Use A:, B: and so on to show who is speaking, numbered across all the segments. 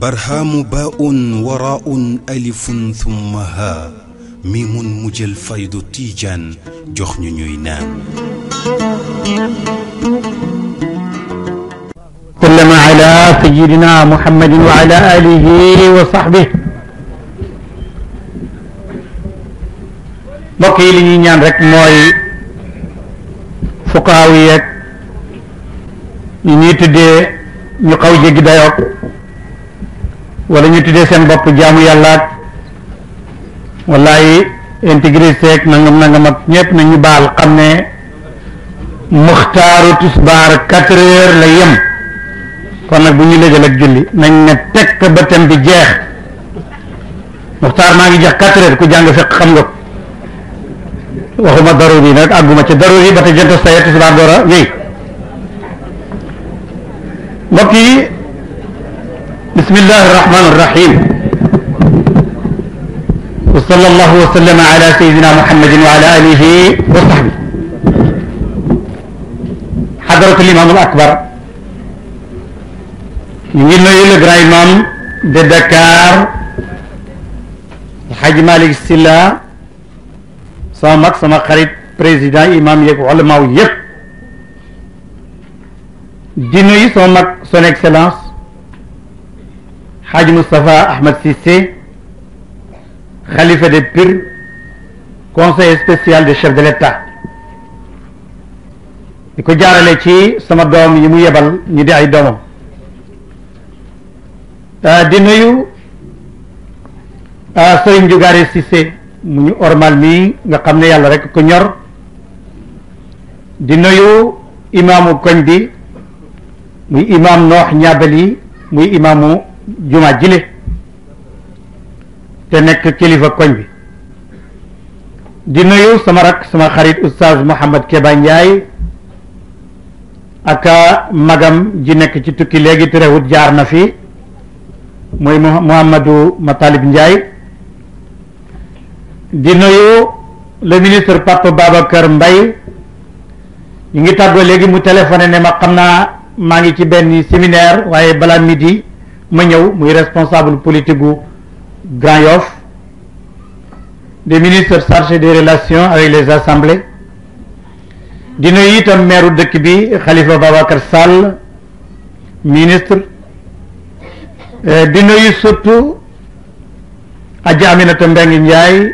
A: برهام باء وراء ألف ثم ها ميم مجلفيد تيجان جخن نينان سلم على سيدنا محمد وعلى آله وصحبه بقي لي نيان رك موي fuqaaw yeeg ñu ñuy tuddee ñu xaw jéggi dayoog wala ñu tuddee seen bopp jaamu yàllaat wallaay intégrité ak nangam nangam ak ñëpp nañu baal xam ne muxtaaru tisbaar quatre heures la yem kon nag bu ñu lëjal ak julli nañ ne tekk ba bi jeex muxtaar maa ngi jeex quatre heures ku jàng fekk xam nga ko waxuma daru bi nag àgguma ci daru yi ba te jënt sa yett si baa door a wéy mbokk yi bismillahi rahmani rahim wa sallallahu wa sallama ala sayidina muhammadin wa ala alihi wa sahbi xadaratul imam al akbar ñu ngi nuyu le grand imam de Dakar Hadj Malick Sylla sama mag sama xarit président imam yeeg ulamaaw yépp di nuyu sama mag son excellence xaaj Moustapha Ahmed Cissé xalifa de Pire conseiller spécial de chef de l'État di ko jaarale ci sama doom yi mu yebal ñu di ay doomam ah, di nuyu ah, Serigne Jugaare mu ñu ormal nga xam ne yàlla rek ko ñor di nuyu imaamu koñ bi muy imaam noox ñaabel muy imaamu juma jile te nekk kilifa koñ bi di nuyu sama rak sama xarit oustaz Mouhamed Keba Ndiaye ak magam ji nekk ci tukki léegi terewut jaar na fi muy Mouhamadou Matalib Ndiaye di nuyu le ministre Papa Babacar mbay ñu ngi tàggoo léegi mu téléphoné ne ma xam naa maa ngi ci benn séminaire waaye balaa midi ma ñëw muy responsable politique gu Grand Yoff des ministres chargés des relations avec les assemblées di nuyu itam maire dëkk bi Khalifa Babacar Sall ministre eh, di nuyu surtout Adja Aminata Mbengue Ndiaye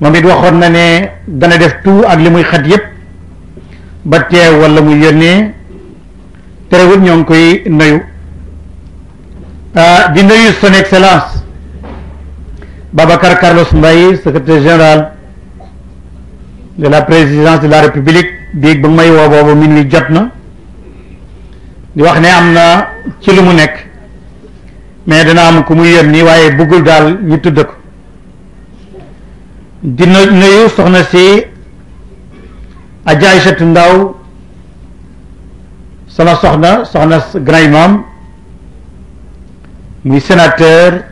A: moom it waxoon na ne dana def tout ak li muy xat yépp ba teew mu muy yónnee terewul ñoo ngi koy nuyu ah, di nuyu son excellence Babacar Carlos Mbaye secrétaire général de la présidence de la république biig ba may woo boobu minuit jot na di wax ne am na ci lu mu nekk mais dana am ku mu muy yónni waaye buggul daal ñu tudd ko di nuyu soxna si Adja Aïssatou Ndaw sama soxna soxna grand imam muy sénateur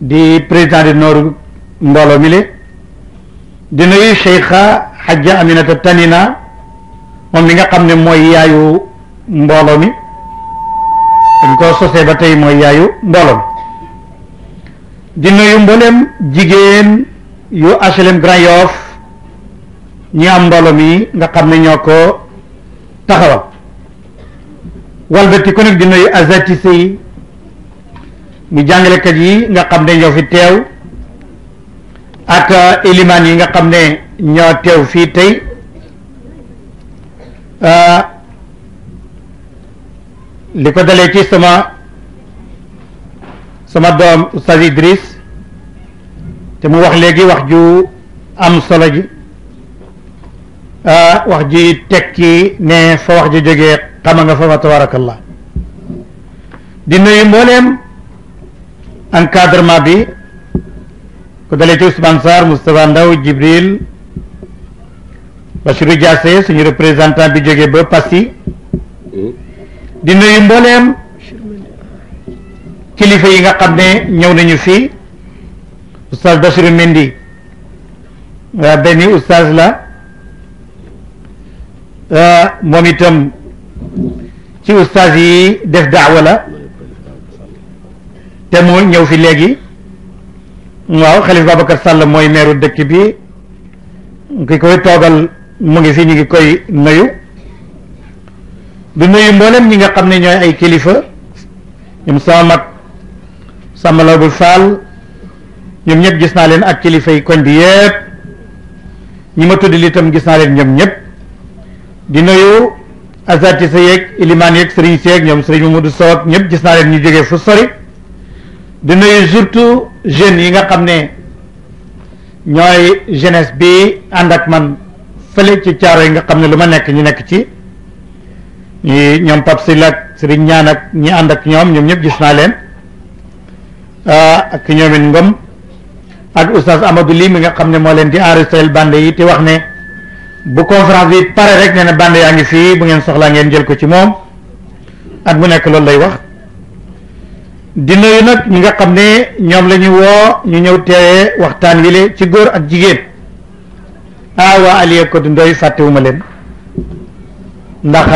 A: di président du nord mbooloo mi li di nuyu Cheikha Hadja Aminata Tanina moom mi nga xam ne mooy yaayu mbooloo mi dañ ko sosee ba tey mooy yaayu mbooloo mi di nuyu mboolem jigéen yu HLM Grand Yoff ñi am mbooloo nga xam ne ñoo ko taxawal walbati ku nekk di nuyu azatise yi mu jàngalekat yi nga xam ne ñoo fi teew ak ilimaan yi nga xam ne ñoo teew fii tey ah, li ko dalee ci sama sama doom Oustaz Idriss te mu wax léegi wax ju am solo ji ah, wax ji tekki ne fa wax ji jógee xama nga fa fa tabarakallah di nuyu mbooleem encadrement bi ku dalee ci Ousmane Sarr Moustapha Ndaw Jibril Bachirou Diassé suñu représentant bi jógee ba Passy di nuyu mbooleem kilifa yi nga xam ne ñëw nañu fii oustaz Bachir Mendy waa benn oustaz la moom itam ci oustaz yi def daawa la te mu ñëw fi léegi waaw xalif Babacar Sall mooy meeru dëkk bi ki koy toogal mu ngi fi ñu ngi koy mayu bu nuyu mboolem ñi nga xam ne ñooy ay kilifa ñoom sama mag Samba Lawbe Fall ñom ñep gis na len ak kilifa yi kon di yeb ñima tuddi tudd litam gis na len ñom ñep di nuyu azati seyek iliman yek yeeg seyek ñom yeeg ñoom sëriñ Mamadou Sow ak gis na len ñu joge fu sori di nuyu surtout jeune yi nga xamne ñoy jeunesse bi andak man fele ci caaro yi nga xamne luma nek ñu nek ci ñi ñom pap Sylla ak ñaan ak ñi andak ñom ñom ñep gis naa leen ah, ak ñoomin ngom ak oustaz Amadou lii mi nga xamne mo len di arrestel bande yi te wax ne bu conférence bi pare rek né na bande yaangi fi bu ngeen soxla ngeen jël ko ci mom ak mu nek loolu lay wax di nuyu nak ñi nga xamne ñom lañu wo ñu ñew ñu waxtaan wi le ci góor ak jigéen ah waa ndoy Codé wu ma len ndax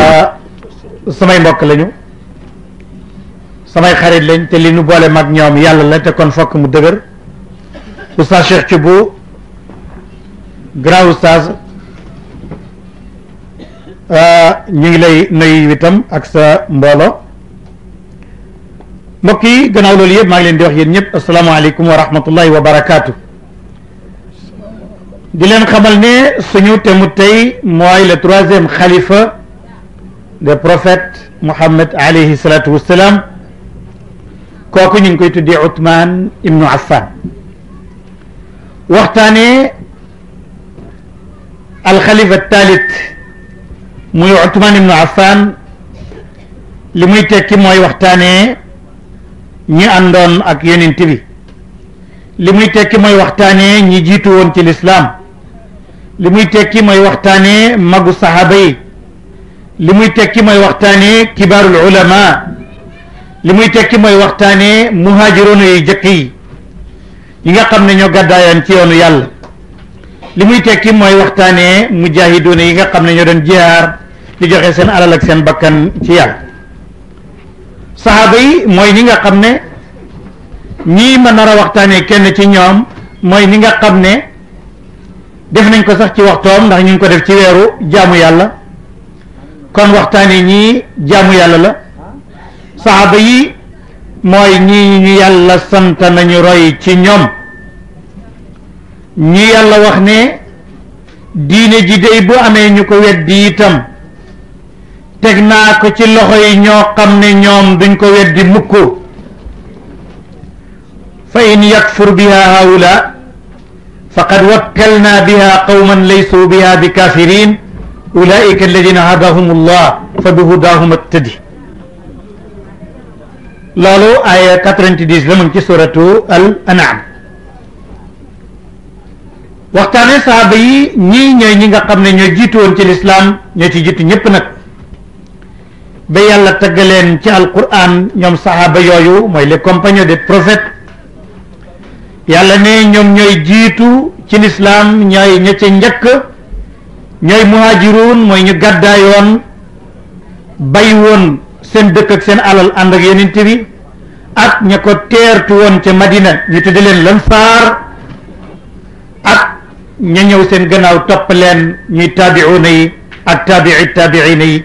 A: samay mbokk lañu samay xarit lañ te li nu boole mag ñom yalla la te kon fokk mu dëgër. استاذ شيخ تبو غراو استاذ ا نيغ لي نوي ويتام اك سا مbolo مكي غناو لولي ما لين دي وخ السلام عليكم ورحمه الله وبركاته دي لين خمال ني سونو تيمو تاي موي لا ترويزيم محمد عليه الصلاه والسلام كوكو نينكوي تودي عثمان ابن عفان waxtaanee alxalifa taalit muy Uthman ibnu Affan li muy tekki mooy waxtaanee ñi àndoon ak yonent bi li muy tekki mooy waxtaanee ñi jiitu woon ci lislaam li muy tekki mooy waxtaanee magu saxaaba yi li muy tekki mooy waxtaanee kibaarul ulama li muy tekki mooy waxtaanee muhaajiroon yu jëkk yi yi nga xam ne ñoo gàddaayoon ci yoonu yàlla li muy tekki mooy waxtaanee mujaahiduuna yi nga xam ne ñoo doon jihaar di joxe seen alal ak seen bakkan ci yàlla saxaaba yi mooy ñi nga xam ne ñii ma nar a waxtaanee kenn ci ñoom mooy ni nga xam ne def nañ ko sax ci waxtoom ndax ñu ngi ko def ci weeru jàmm yàlla kon waxtaanee ñii jaamu yàlla la saxaaba yi moy ñi ñu yàlla sant nañu roy ci ñom ñi yàlla wax ne diine ji day bu amé ñuko weddi itam tek na ko ci loxo yi ñoo xam ne duñ ko weddi mukk fa in yakfur biha haula faqad wakkalna biha qauman laysu biha bikafirin kafirin ulaika alladina hadahum allah fa bihudahum iqtadi Lalu ayat 90 la mu ngi ci suratu al anam Waktu saaba yi nyai ñooy ñi nga xam ne ñoo jiitu woon ci lislaam ñoo ci jiitu ñëpp nag ba yàlla taggaleen ci alquran ñoom saxaaba yooyu mooy les compagnons des prophètes yàlla ne ñoom ñooy nyai ci lislaam ñooy ña ca njëkk seen dëkk ak seen alal ànd ak yenente bi ak ña ko teertu woon ca madina ñu tudde leen lan saar ak ña ñëw seen gannaaw topp leen ñuy taabiuuna yi ak taabii taabiina yi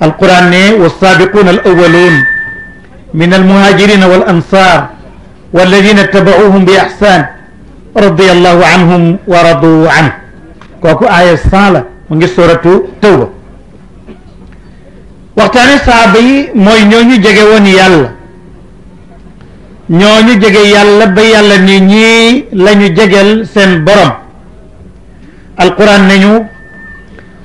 A: alquran ne walsaabiquuna al awaluun min almuhaajirina wal ansaar walladina tabauhum bi ihsan radiallahu anhum wa radu an kooku aaya cent la mu ngi suratu tawba waxtaane saaba yi mooy ñooñu jege woon yàlla ñooñu jege yàlla ba yàlla ni ñii lañu jegel seen borom alquran nañu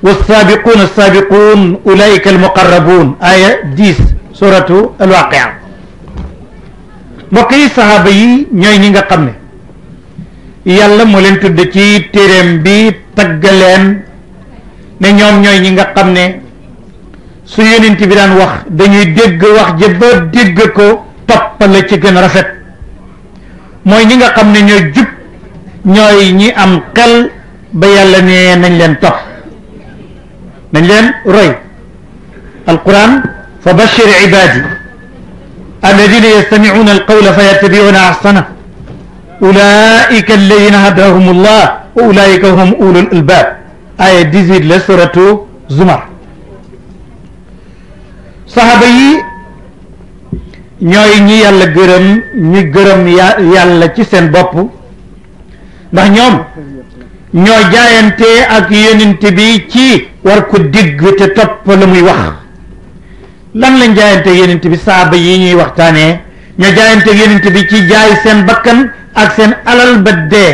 A: والسابقون السابقون أولئك diis آية 10 سورة الواقعة بقي صحابة يي ñoy ñi nga xam xamne yàlla moo leen tudd ci téréem bi taggaleen ne ñoom ñoy ñi nga xam ne su yonent bi daan wax dañuy dégg wax ja ba dégg ko topp la ci gën rafet mooy ñi nga xam ne ñooy jub ñooy ñi am xel ba yàlla ne nañ leen topp nañ leen roy alquran fa bashir ibadi alladina yastamicuuna alqawla fa yattabicuuna axsana ulaika alladina hadahum allah wa ulaika hum ulul albab aya 18 la suratu zumar saxaaba yi ñooy ñi yàlla gërëm ñi gërëm yàlla ci seen bopp ndax ñoom ñoo jaayante ak yonent bi ci war ko digg te topp la muy wax lan lañ jaayante yonent bi saxaaba yi ñuy waxtaanee ñoo jaayante yonent bi ci jaay seen bakkan ak seen alal ba dee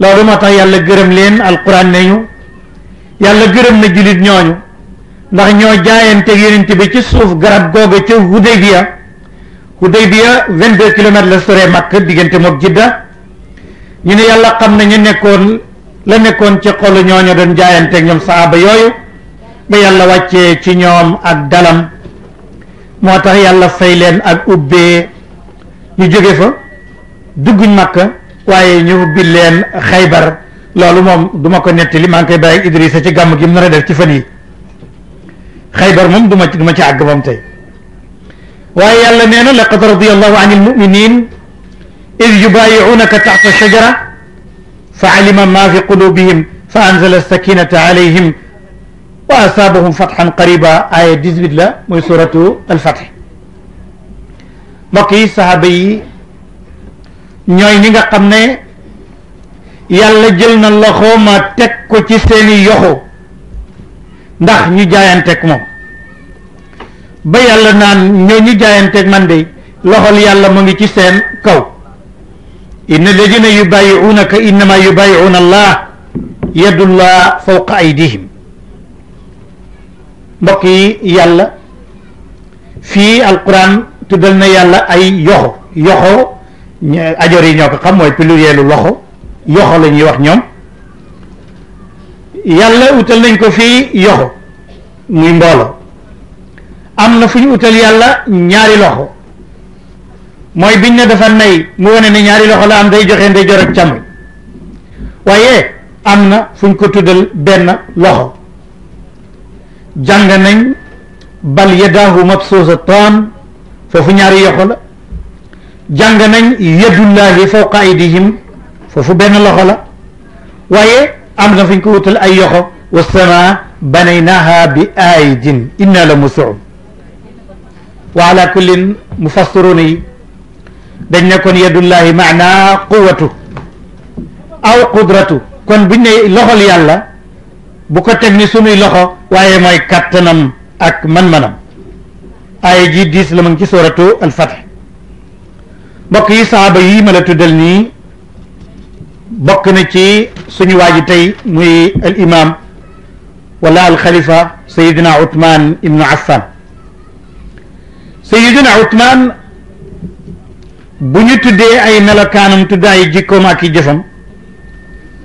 A: loolu moo tax yàlla gërëm leen alquran nañu yàlla gërëm na jullit ñooñu ndax ñoo jaayante yonent bi ci suuf garab googa ca Hudaybiya Hudaybiya vingt-deux kilomètres la sore Makka diggante mook Jidda ñu ne yàlla xam na ñu nekkoon la nekkoon ci xolu ñooñu doon jaayante ñoom saaba yooyu ba yàlla wàccee ci ñoom ak dalam moo tax yàlla fay leen ak ubbee ñu jóge fa dugguñ Makka waaye ñu ubbi leen Xaybar loolu moom duma ko nettali maa ngi koy bàyyi ak ci gàmm gi mu nar def ci fan yi خيبر من دو ما شاء عقبهم تي وهي الله لقد رضي الله عن المؤمنين إذ يبايعونك تحت الشجرة فعلم ما في قلوبهم فأنزل السكينة عليهم وأصابهم فتحا قريبا آية جزء الله من سورة الفتح مكي صحابي نيوي قمني يالا جلنا ما تك سيني يخو ndax ñu jayan tekmo ba yalla naan ñoo ñu jaayanteeg man de loxol yalla mo ngi ci seen kaw inna yubayunaka inna ma yubayuna allah allah fawqa aydihim mbokk yi fi alquran tudal na yalla ay yoxo yoxo ajori ñoko ñoo ko xam mooy loxo yoxo lañuy wax ñom yàlla wutal nañ ko fii yoxo muy mboolo am na fu ñu utal yàlla ñaari loxo mooy biñ ne dafa nay mu wane ne ñaari loxo la am day joxe day jor ak càmm waaye am na fu ñu ko tuddal benn loxo jàng nañ bal yadaahu mabsuusatan foofu ñaari yoxo la jàng nañ yadullahi fawqa aydihim foofu benn loxo la waaye أمنا في كوت الأيخ والسماء بنيناها بأيد إنا لمسعون وعلى كل مفسروني دن يكون يد الله معنى قوته أو قدرته كون بن لخو ليالا بوكو تكني سوني لخو واي ماي كاتنم اك من منم اي جي ديس لمن كي سورة الفتح بقي صحابي ملتو دلني bokk na ci suñu waa ji tey muy al imam wala al xalifa sayidina Othman ibnu Affan sayidina Othman bu ñu tuddee ay melokaanam tudd ay jikkoom ak i jëfam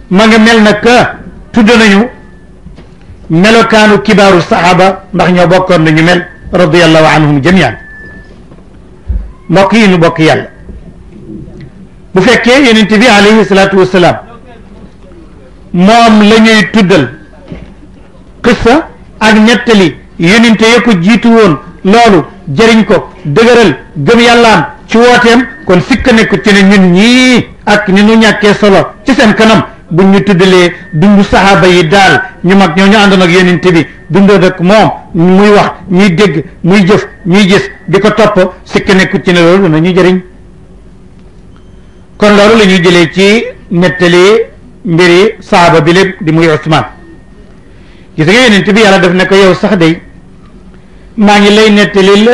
A: ma nga nañu melokaanu kibaaru saxaaba ndax ñoo bokkoon nañu mel radiyallahu anhum jamian mbokk yi ñu bokk yàlla bu fekkee yonent bi alayhi salaatu wasalaam moom la ñuy tuddal xissa ak ñettali yonent ko jiitu woon loolu jëriñ ko dëgëral gëm yàllaam ci wooteem kon sikka nekk ci ne ñun ñii ak ni nu ñàkkee solo ci seen kanam bu ñu tuddalee dundu saxaaba yi daal ñu mag ñoo ñu àndoon ak yonent bi dundoo ak moom muy wax ñuy dégg muy jëf ñuy gis di ko topp sikka nekk ci ne loolu dana ñuy jariñ kon loolu la ñuy jëlee ci nettali mbiri saaba bi lépp di muy Usmaan gis nga yonent bi yàlla def ne ko yow sax day maa ngi lay nettali la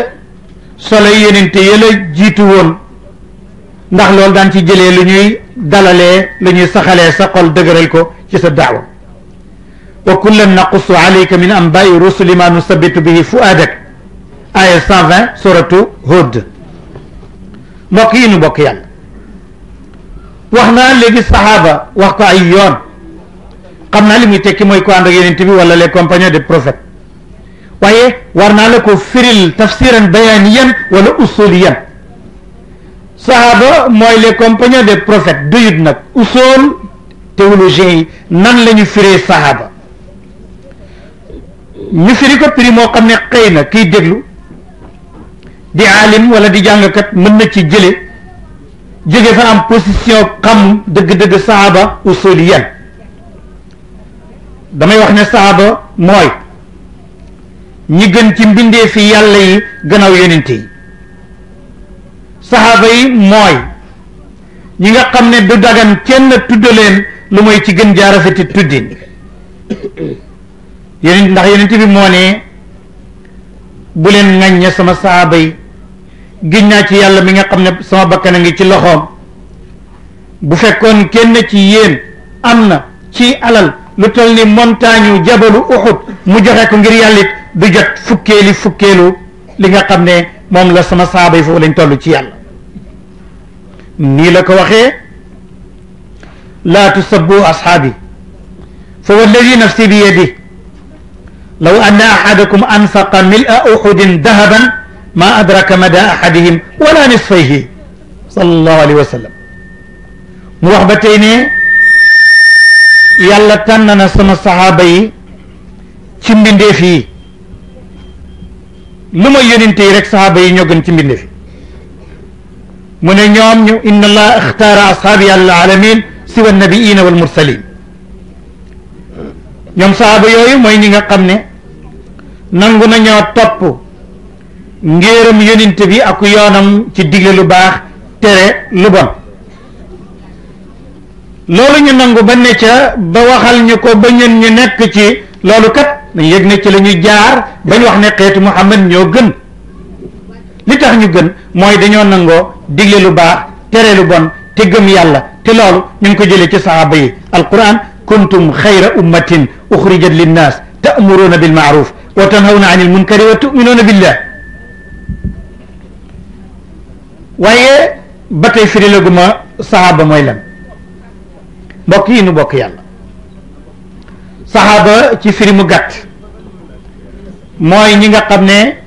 A: solo yonent ya la jiitu woon ndax loolu daan ci jëlee lu ñuy dalalee lu ñuy saxalee sa xol dëgëral ko ci sa daawa wa kullan naqussu alayka min anbaai rusuli ma nusabitu bihi fuaadak aya 120 suratu Hud mbokk yi nu mbokk yàlla واخنا لغي صحابه واخكو اي يون خمنا لمي تيكي موي كو اندك ينتبي ولا لي كومبانيون دي بروفيت واي ورنا لكو فيريل تفسيرا بيانيا ولا اصوليا صحابه موي لي كومبانيون دي بروفيت ديوت نك اصول تيولوجي نان لا نيو فيري صحابه ني فيري كو بري مو خمني خينا كي ديغلو دي عالم ولا دي جانكات من نتي جيلي jóge fa am position xam dëgg-dëgg saaba usuliyan damay wax ne saaba mooy ñi gën ci mbindee fi yàlla yi gannaaw yonent yi saxaaba yi mooy ñi nga xam ne du dagan kenn tudd leen lu mooy ci gën jaar jaarafeti tuddin yonent ndax yonent bi moo ne bu leen ŋaññe sama saaba yi giñ naa ci yàlla mi nga xam ne sama bakkan a ngi ci loxoom bu fekkoon kenn ci yéen am na ci alal lu toll ni montagne jabalu uxut mu joxe ko ngir yàlla it du jot fukkeeli fukkeelu li nga xam ne moom la sama saaba yi foofu lañ toll ci yàlla nii la ko waxee laa tusabbu ashaabi fa walladi nafsi bi yadi law anna ahadakum anfaqa mila uhudin dahaban മാ അദ്രക മദ അഹദിഹിം വലാ നിസ്ഫൈഹി സല്ലല്ലാഹു അലൈഹി വസല്ലം മുഹബത്തൈനെ yàlla tànn na sama saxaaba yi ci mbindeef yi lu ma yonente yi rek saxaaba yi ñoo gën ci mbindeef yi mu ne ñoom ñu inna allah ixtaara ashaabi alalamin siwa nabiina wal mursalin ñoom saxaaba yooyu mooy ñi nga xam ne nangu na ñoo topp ngéeram yonent bi ak yoonam ci digle lu baax tere lu bon loolu ñu nangu ba ne ca ba waxal ñu ko ba ñen ñu nekk ci loolu kat dañ yëg ne ci la ñu jaar bañ wax ne xeetu muhammad ñoo gën li tax ñu gën mooy dañoo nangoo digle lu baax tere lu bon te gëm yàlla te loolu ñu ngi ko jëlee ci sahaaba yi alquran kuntum xayra ummatin uxrijat linnaas ta'muruna bil ma'ruf wa tanhawna anil munkari wa tu'minuna billah waaye ba tey firilaguma saxaaba mooy lan mbokk yi nu bokk yàlla saxaaba ci firi mu gàtt mooy ñi nga xam ne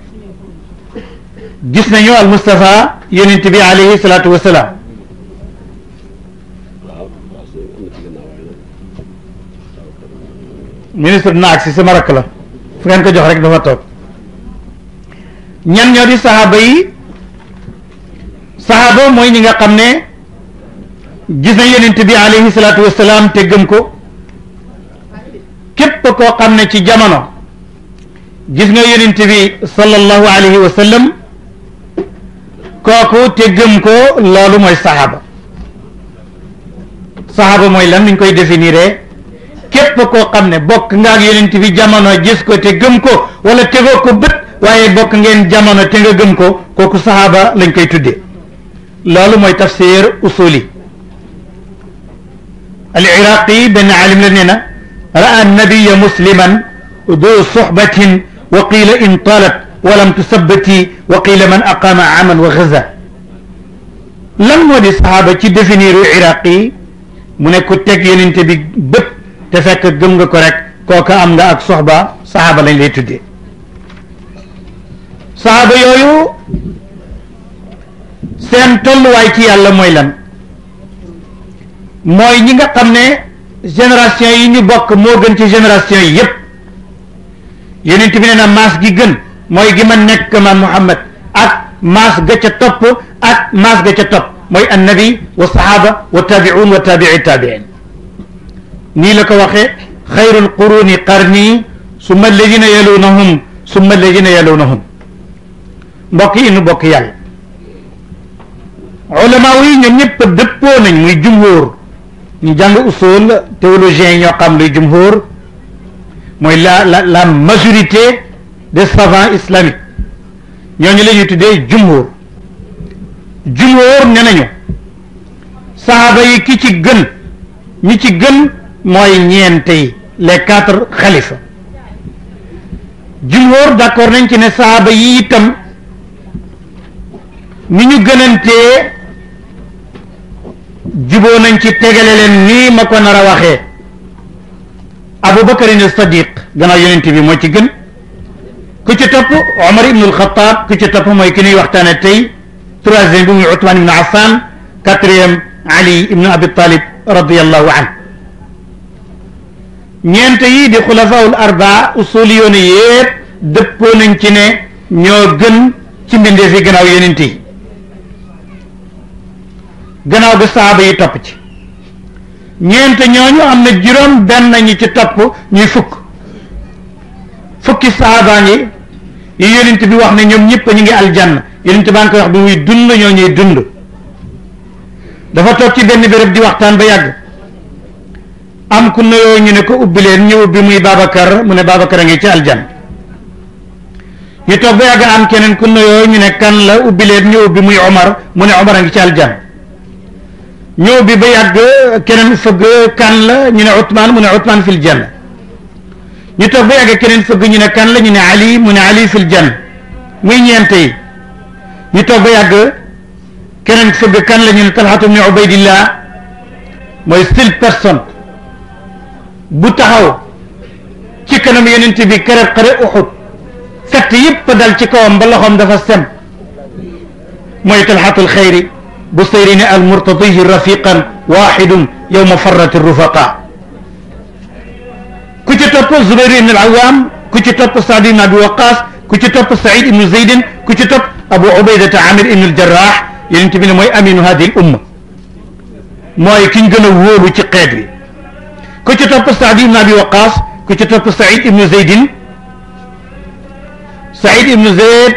A: gis nañu al Mustafa yonent bi alayhi salaatu wasalaam ministre naag si sama rakk la fu ngeen ko jox rek dafa toog ñan ñoo di saxaaba yi saxaaba moy ñi nga xamne gis na yonent bi alayhi salatu wassalam te gëm ko kep ko xamne ci jamono gis nga yonent bi sallallahu alayhi wasallam sallam kooku te gëm ko lolu moy saxaaba saxaaba moy lan niñ koy définir kep ko xamne bok nga ak yonent bi jamono gis ko te gëm ko wala tegoo ko bët waye bok ngeen jamono te nga gëm ko koku sahaba lañ koy tuddee لالو موي تفسير اصولي العراقي بن عالم لنا راى النبي مسلما ذو صحبه وقيل ان طالت ولم تثبت وقيل من اقام عاما وغزا لم ودي صحابه تي ديفينير عراقي مونيكو تك يلنتي بي بب تفك گمغا كو رك كوكا امغا اك صحبه صحابه لن لي تودي صحابه يويو seen tolluwaay ci yàlla mooy lan mooy ñi nga xam ne génération yi ñu bokk moo gën ci génération yi yépp yeneen bi nee na maas gi gën mooy gi ma nekk man Muhammad ak maas ga ca topp ak maas ga ca topp mooy annabi wa sahaaba wa taabiun wa taabii taabiin nii la ko waxee xayrul quruni qarni summa alladina yalunahum summa alladina yalunahum mbokk yi nu bokk yàlla ulama yi ñoom ñëpp dëppoo nañ muy jumhur ñu jàng usul théologien yi ñoo xam luy jumhur mooy la la la majorité des savants islamiques ñooñu la ñuy tuddee jumhur jumhur ne nañu sahaaba yi ki ci gën ñu ci gën mooy ñeente yi les quatre xalifa jumhur d'accord nañ ci ne sahaaba yi itam ni ñu gënantee جبو نانتي تغللن ني مكو نرا واخي ابو بكر الصديق غنا يونتي بي موتي گن كوتي توپ عمر بن الخطاب كوتي توپ موي كني وقتانا تي ترازيم بن عثمان بن عفان كاتريم علي بن ابي طالب رضي الله عنه نيانتا يي دي خلفاء الاربع اصوليون ييب دبو نانتي ني ньо гэн чи мен дэфи гэнау ёнэн тэй gannaaw ga saaba yi topp ci ñeent ñooñu am na juróom benn ñi ci topp ñuy fukk fukki saaba yi yi yonent bi wax ne ñoom ñëpp ñu ngi aljanna yonent baa ngi koy wax bi muy dund ñoo ñuy dund dafa toog ci benn béréb di waxtaan ba yàgg am ku nuyoo ñu ne ko ubbi leen ñu muy Babacar mu ne Babacar ngi ci aljan ba yàgg am keneen ku ñu ne kan la ubbi leen ñu ubbi muy Omar mu ne Omar a ngi ci aljan ñëw bi ba yàgg keneen fëgg kan la ñu ne Ousmane mu ne Ousmane fil janna ñu toog ba yàgg keneen fëgg ñu ne kan la ñu ne Ali mu ne Ali fil janna muy ñeente yi ñu toog ba yàgg keneen kan la ñu ne Talhatu ibn Ubaydillah mooy seule personne bu taxaw ci kanam yonent bi kere xare Uhud fett yëpp dal ci kawam ba loxoom dafa sem mooy Talhatul Xayri بصيرنا المرتضي رفيقا واحد يوم فرت الرفقاء كنت تبقى زبيرين بن العوام كنت تبقى بن أبي وقاص كنت تبقى سعيد بن زيد كنت تبقى أبو عبيدة عامر بن الجراح ينتبين يعني ما أمين هذه الأمة ما يكن وولو تقادري كنت تبقى بن أبي وقاص كنت تبقى سعيد بن زيد سعيد بن زيد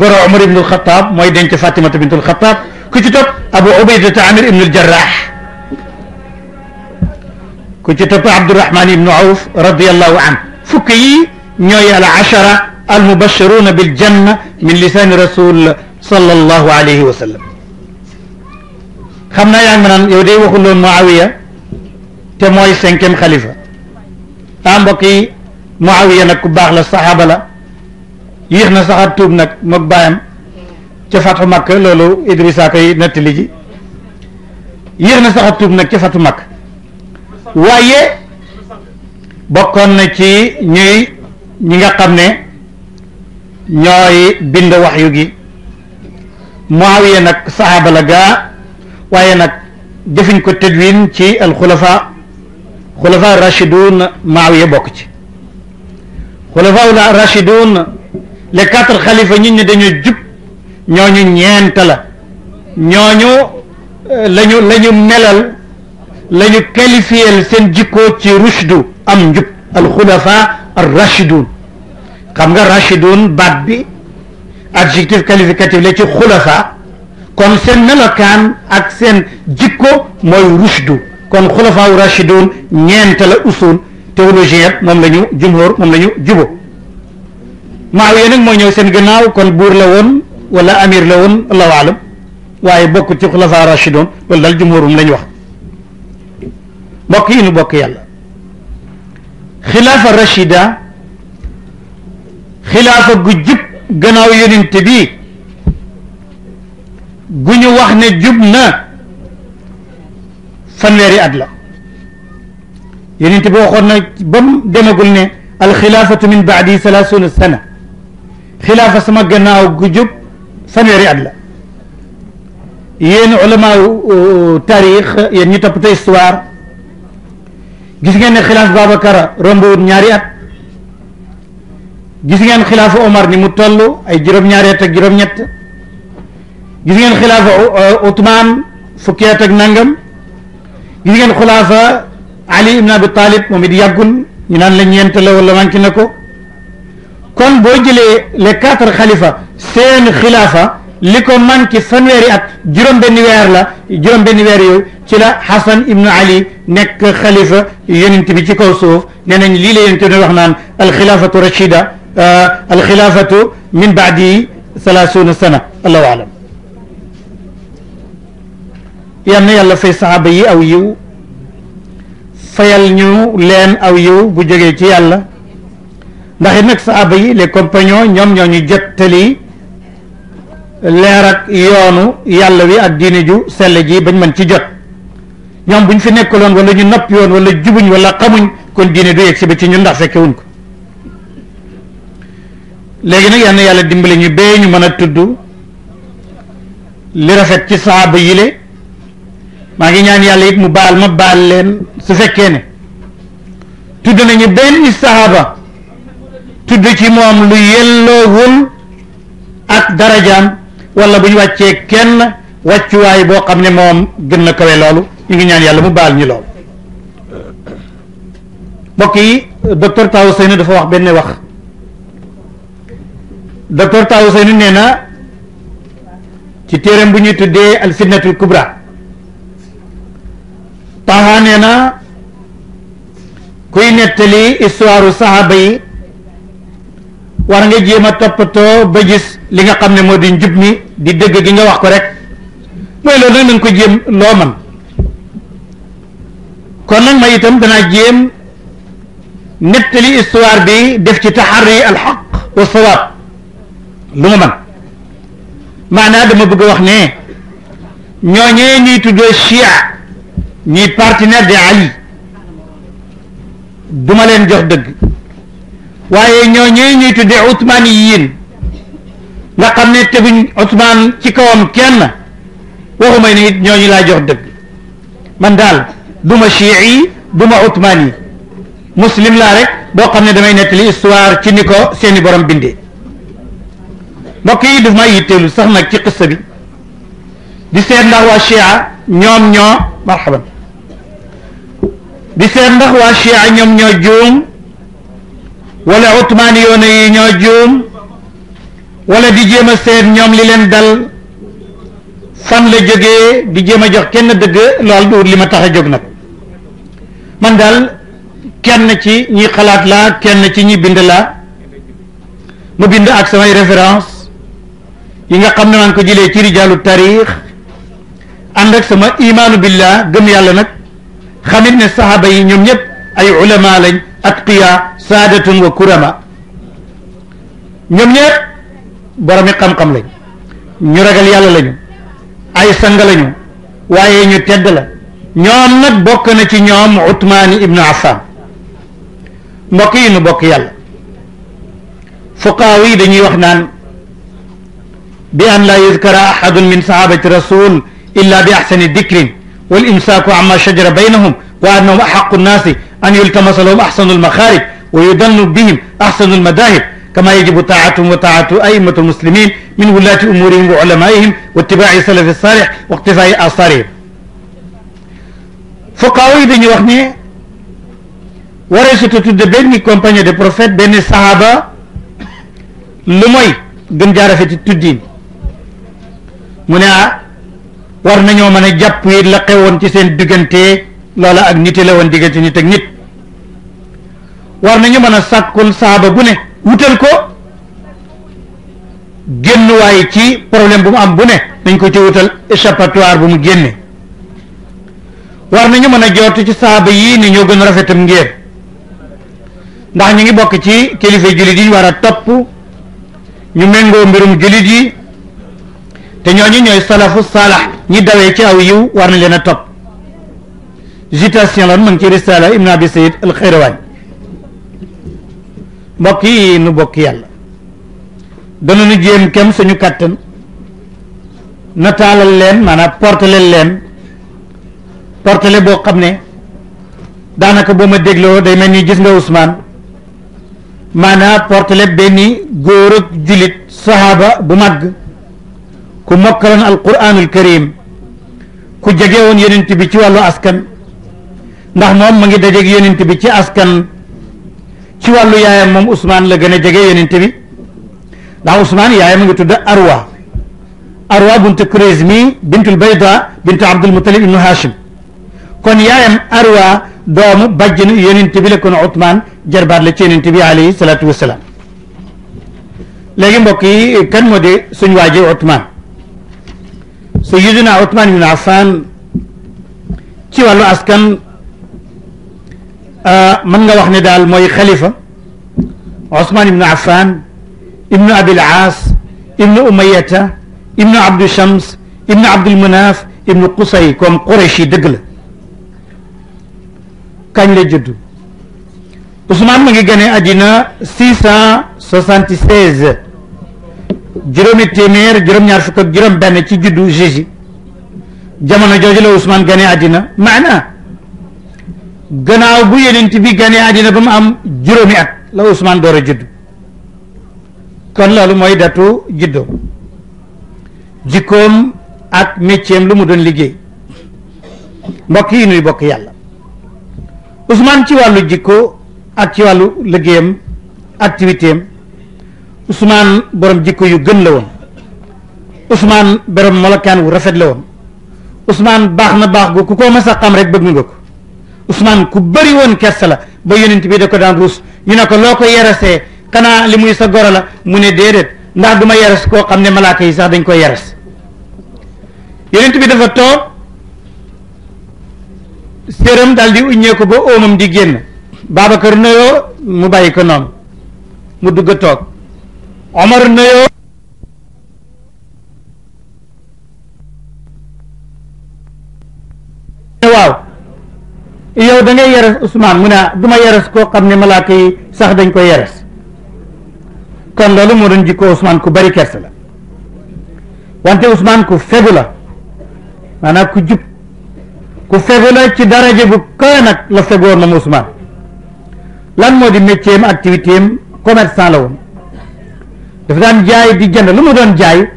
A: قرى عمر بن الخطاب ما يدين فاطمة بنت الخطاب كتب أبو عبيدة عامر بن الجراح كتب عبد الرحمن بن عوف رضي الله عنه فكي نوي العشرة المبشرون بالجنة من لسان رسول صلى الله عليه وسلم خمنا يعمنا يعني يودي وخلو معاوية تموي سنكم خليفة أم بقي معاوية نكباخ للصحابة لا يخنا صحاب توبنا مقبايم ca fatu makka loolu Idrissa koy nettali ji yéex na sax a tuub nag ca fatu makka waaye bokkoon na ci ñuy ñi nga xam ne ñooy bind wax yu gi Muawiya nag saxaaba la gaa waaye nag jëfiñ ko tëjwin ci al xulafa xulafa rachidun Muawiya bokk ci xulafa rachidun les quatre xalifa ñit ñi dañoo jub ñooñu ñeent la ñooñu euh, lañu melal lañu qualifier seen jikkoo ci rushdu am njub alxulafa arrachidun xam nga rachidun baat bi adjectif qualificatif la ci xulafa kon seen melokaan ak seen jikko mooy rushdu kon xulafa u rachidun ñeent usul théologien moom lañu ñu jumhur moom la jubo maawiya nag moo ñëw seen gannaaw kon buur la woon wala amir la woon allahu alam waaye bokk ci xulafa rashidun wala daal jumhurum lañ wax mbokk yi nu bokk yàlla xilaafa rashida xilaafa gu jub gannaaw yonent bi gu ñu wax ne jub na fanweeri at la yonent bi waxoon na ba mu demagul ne alxilaafatu min baadi salaasuuna sana xilaafa sama gannaaw gu jub fanweeri at la yéen ulama yu taarix yéen ñu topp te histoire gis ngeen ne xilaaf Babacar rombewut ñaari at gis ngeen xilaafu Omar ni mu toll ay juróom-ñaari at ak juróom-ñett gis ngeen xilaafa Ousmane fukki at ak nangam gis ngeen xilaafa Ali ibn Abi Talib moom it yàggun ñu naan la ñeent la wala manqué na ko kon boo jëlee les quatre xalifa سين خلافة لكم من كسنوري أك جرم بن نوير لا جرم بن نوير يو تلا حسن ابن علي نك خليفة ينتبه تكو سوف نانا ليلة ينتبه رحنان الخلافة رشيدة آه الخلافة من بعد ثلاثون سنة الله أعلم يعني الله في صحابي أو يو فيل نيو لين أو يو بجريتي الله نحن نك صحابي لكم بنيو نيوم نيوم نيوم leer ak yoonu yàlla wi ak diine ju sell ji bañ man ci jot ñoom buñ fi nekkaloon wala ñu noppi yoon wala jubuñ wala xamuñ kon diine du yegg si ba ci ñun ndax fekke ko léegi nag yal na yàlla dimbali ñu bee ñu mën a tudd li rafet ci saaba yile maa ngi ñaan yàlla it mu baal ma baal leen su fekkee ne tudd nañu benn saaba tudd ci moom lu yelloowul ak darajaam wala bu ñu wàccee kenn wàccuwaay boo xam ne moom gën na kawe loolu ñu ngi ñaan yàlla mu baal ñi loolu mbokk yi docteur Taw Seyni dafa wax benn wax docteur Taw Seyni nee na ci téeram bu ñuy tuddee al fitnatul kubra taxaa na kuy nettali histoire sahaba yi war nga jéem a toppatoo ba gis li nga xam ne moo di njub mi di dëgg gi nga wax ko rek mooy loolu nag na nga ko jéem loo kon nag ma itam danaa jéem nettali histoire bi def ci taxari alxaq wa sawaab lu ma man maanaa dama bëgg a wax ne ñooñee ñuy tuddoo chia ñuy partenaire de Ali duma leen jox dëgg waaye ñoo ñuy ñuy tuddee Ousmane nga xam ne teguñ Ousmane ci kawam kenn waxuma ne ñoo ñooñu laa jox dëgg man daal du ma chiiyi du ma Ousmane muslim laa rek boo xam ne damay nettali histoire ci ni ko seeni borom bindee mbokk yi daf maa yitteelu sax nag ci xissa bi di seet ndax waa chia ñoom ñoo marhaban di seet ndax waa chia ñoom ñoo juum wala utmaan yoona yi ñoo juum wala di jéem a seet ñoom li leen dal san la jógee di jéem a jox kenn dëgg lool duur li ma tax a jóg nag man daal kenn ci ñi xalaat laa kenn ci ñi bind laa mu bind ak samay référence yi nga xam ne maa ngi ko jëlee ci rijaalu taarix ànd ak sama imaanu billah gëm yàlla nag xamit ne saxaaba yi ñoom ñëpp ay ulama lañ atqiya saadatun wa kurama ñoom ñëpp boromi xam-xam lañ ñu ragal yàlla lañu ay sang lañu waaye ñu tedd la ñoom nag bokk na ci ñoom utmaani ibnu affan mbokk yi nu bokk yàlla fuqaaw yi dañuy wax naan bi an laa yuzkara ahadun min sahabati rasul illa bi ahsani dikrin wal imsaaku amma shajara baynahum wa annahum ahaqu nnaasi an yultamasa lahum ahsanu lmaxaarij ويدن بهم أحسن المذاهب كما يجب طاعتهم وطاعة أئمة المسلمين من ولاة أمورهم وعلمائهم واتباع سلف الصالح واقتفاء آثارهم فقاوي بن يوحني ورشة تد بني كومبانيا دي بروفيت بني صحابة لمي جنجارة في تدين منا ورنا نيو من جاب ويد لقي وانتسين دقنتي لولا أغنيتي لون دقنتي نتك نت war nañu mën a sàkkul saaba bu ne wutal ko génnuwaay ci problème bu mu am bu ne nañ ko ci wutal échappatoire bu mu génne war nañu mën a jot ci saaba yii ni ñoo gën a rafetam ngéer ndax ñu ngi bokk ci kilifa jullit yi war a topp ñu méngoo mbirum jullit yi te ñooñu ñooy salafu saalax ñi dawee ci aw yiw war na leen a topp citation lan mu ngi ci risala ibn abi sayid al mbokk yi nu bokk yàlla danañu jéem kem suñu kàttan nataalal leen maanaam portale leen portale boo xam ne daanaka boo ma dégloo day mel ni gis nga Ousmane maanaam portale benn góor ak julit sahaaba bu màgg ku mokkaloon alquranul karim ku jege woon yonent bi ci wàllu askan ndax moom ma ngi dajeeg yonent bi ci askan ci wàllu yaayam moom Ousmane la gën a jege yonent bi ndax Ousmane yaayam mu ngi tudd Arwa Arwa bint Kureysmi bintul Bayda bintu Abdul Muttalib Hashim kon yaayam Arwa doomu bàjjinu yonent bi la kon Ousmane jarbaat la ci yonent bi alayhi wasalaam léegi mbokk kan moo di suñ waaji Ousmane sayyidina Affan ci wàllu askan Euh, mën nga wax ne daal mooy xalifa Ousmane ibnu Affan ibnu Abil Aas ibnu Umayata ibnu Abdu Shams ibnu Abdul Manaaf ibnu Qusay comme Quraysh yi dëgg la kañ la juddu Ousmane ma ngi gane àddina six cent soixante-seize juróomi téeméer juróom-ñaar fukk ak juróom benn ci juddu Jésus jamono jooju la Ousmane gane àddina maana gannaaw bu yenent bi gane adina bam am juróomi at la Usman door a judd kon loolu moy datu jiddo jikom ak métieram lu mu doon liggéey mbokk yi nuy bokk yàlla usman ci walu jikko ak ci walu liggéeyam activitéem usman borom jikko yu gën la woon Usman borom molokaan wu rafet la woon usman baax na gu ko xam rek bëgg nga ko Ousmane ku bari woon kersa la ba yonent bi da ko daan ruus ñu ne ko loo ko yerasee xanaa li muy sa goro la mu ne déedéet ndax du yeres koo xam ne malaaka yi sax dañ koy yeres yonent bi dafa toog séram daal di uññee ko ba óomam di génn Babacar nuyoo mu bàyyi ko noonu mu dugg toog Omar nuyoo waaw yow da ngay yeres Ousmane mu ne du ma yeres koo xam ne malaaka yi sax dañ koy yeres kon loolu moo doon jikko Ousmane ku bari kersa la wante Ousmane ku fegu la maanaam ku jub ku fegu la ci daraja bu kawe nag la fegoon moom Ousmane lan moo di métier am activité am commerçant la woon dafa daan jaay di jënd lu mu doon jaay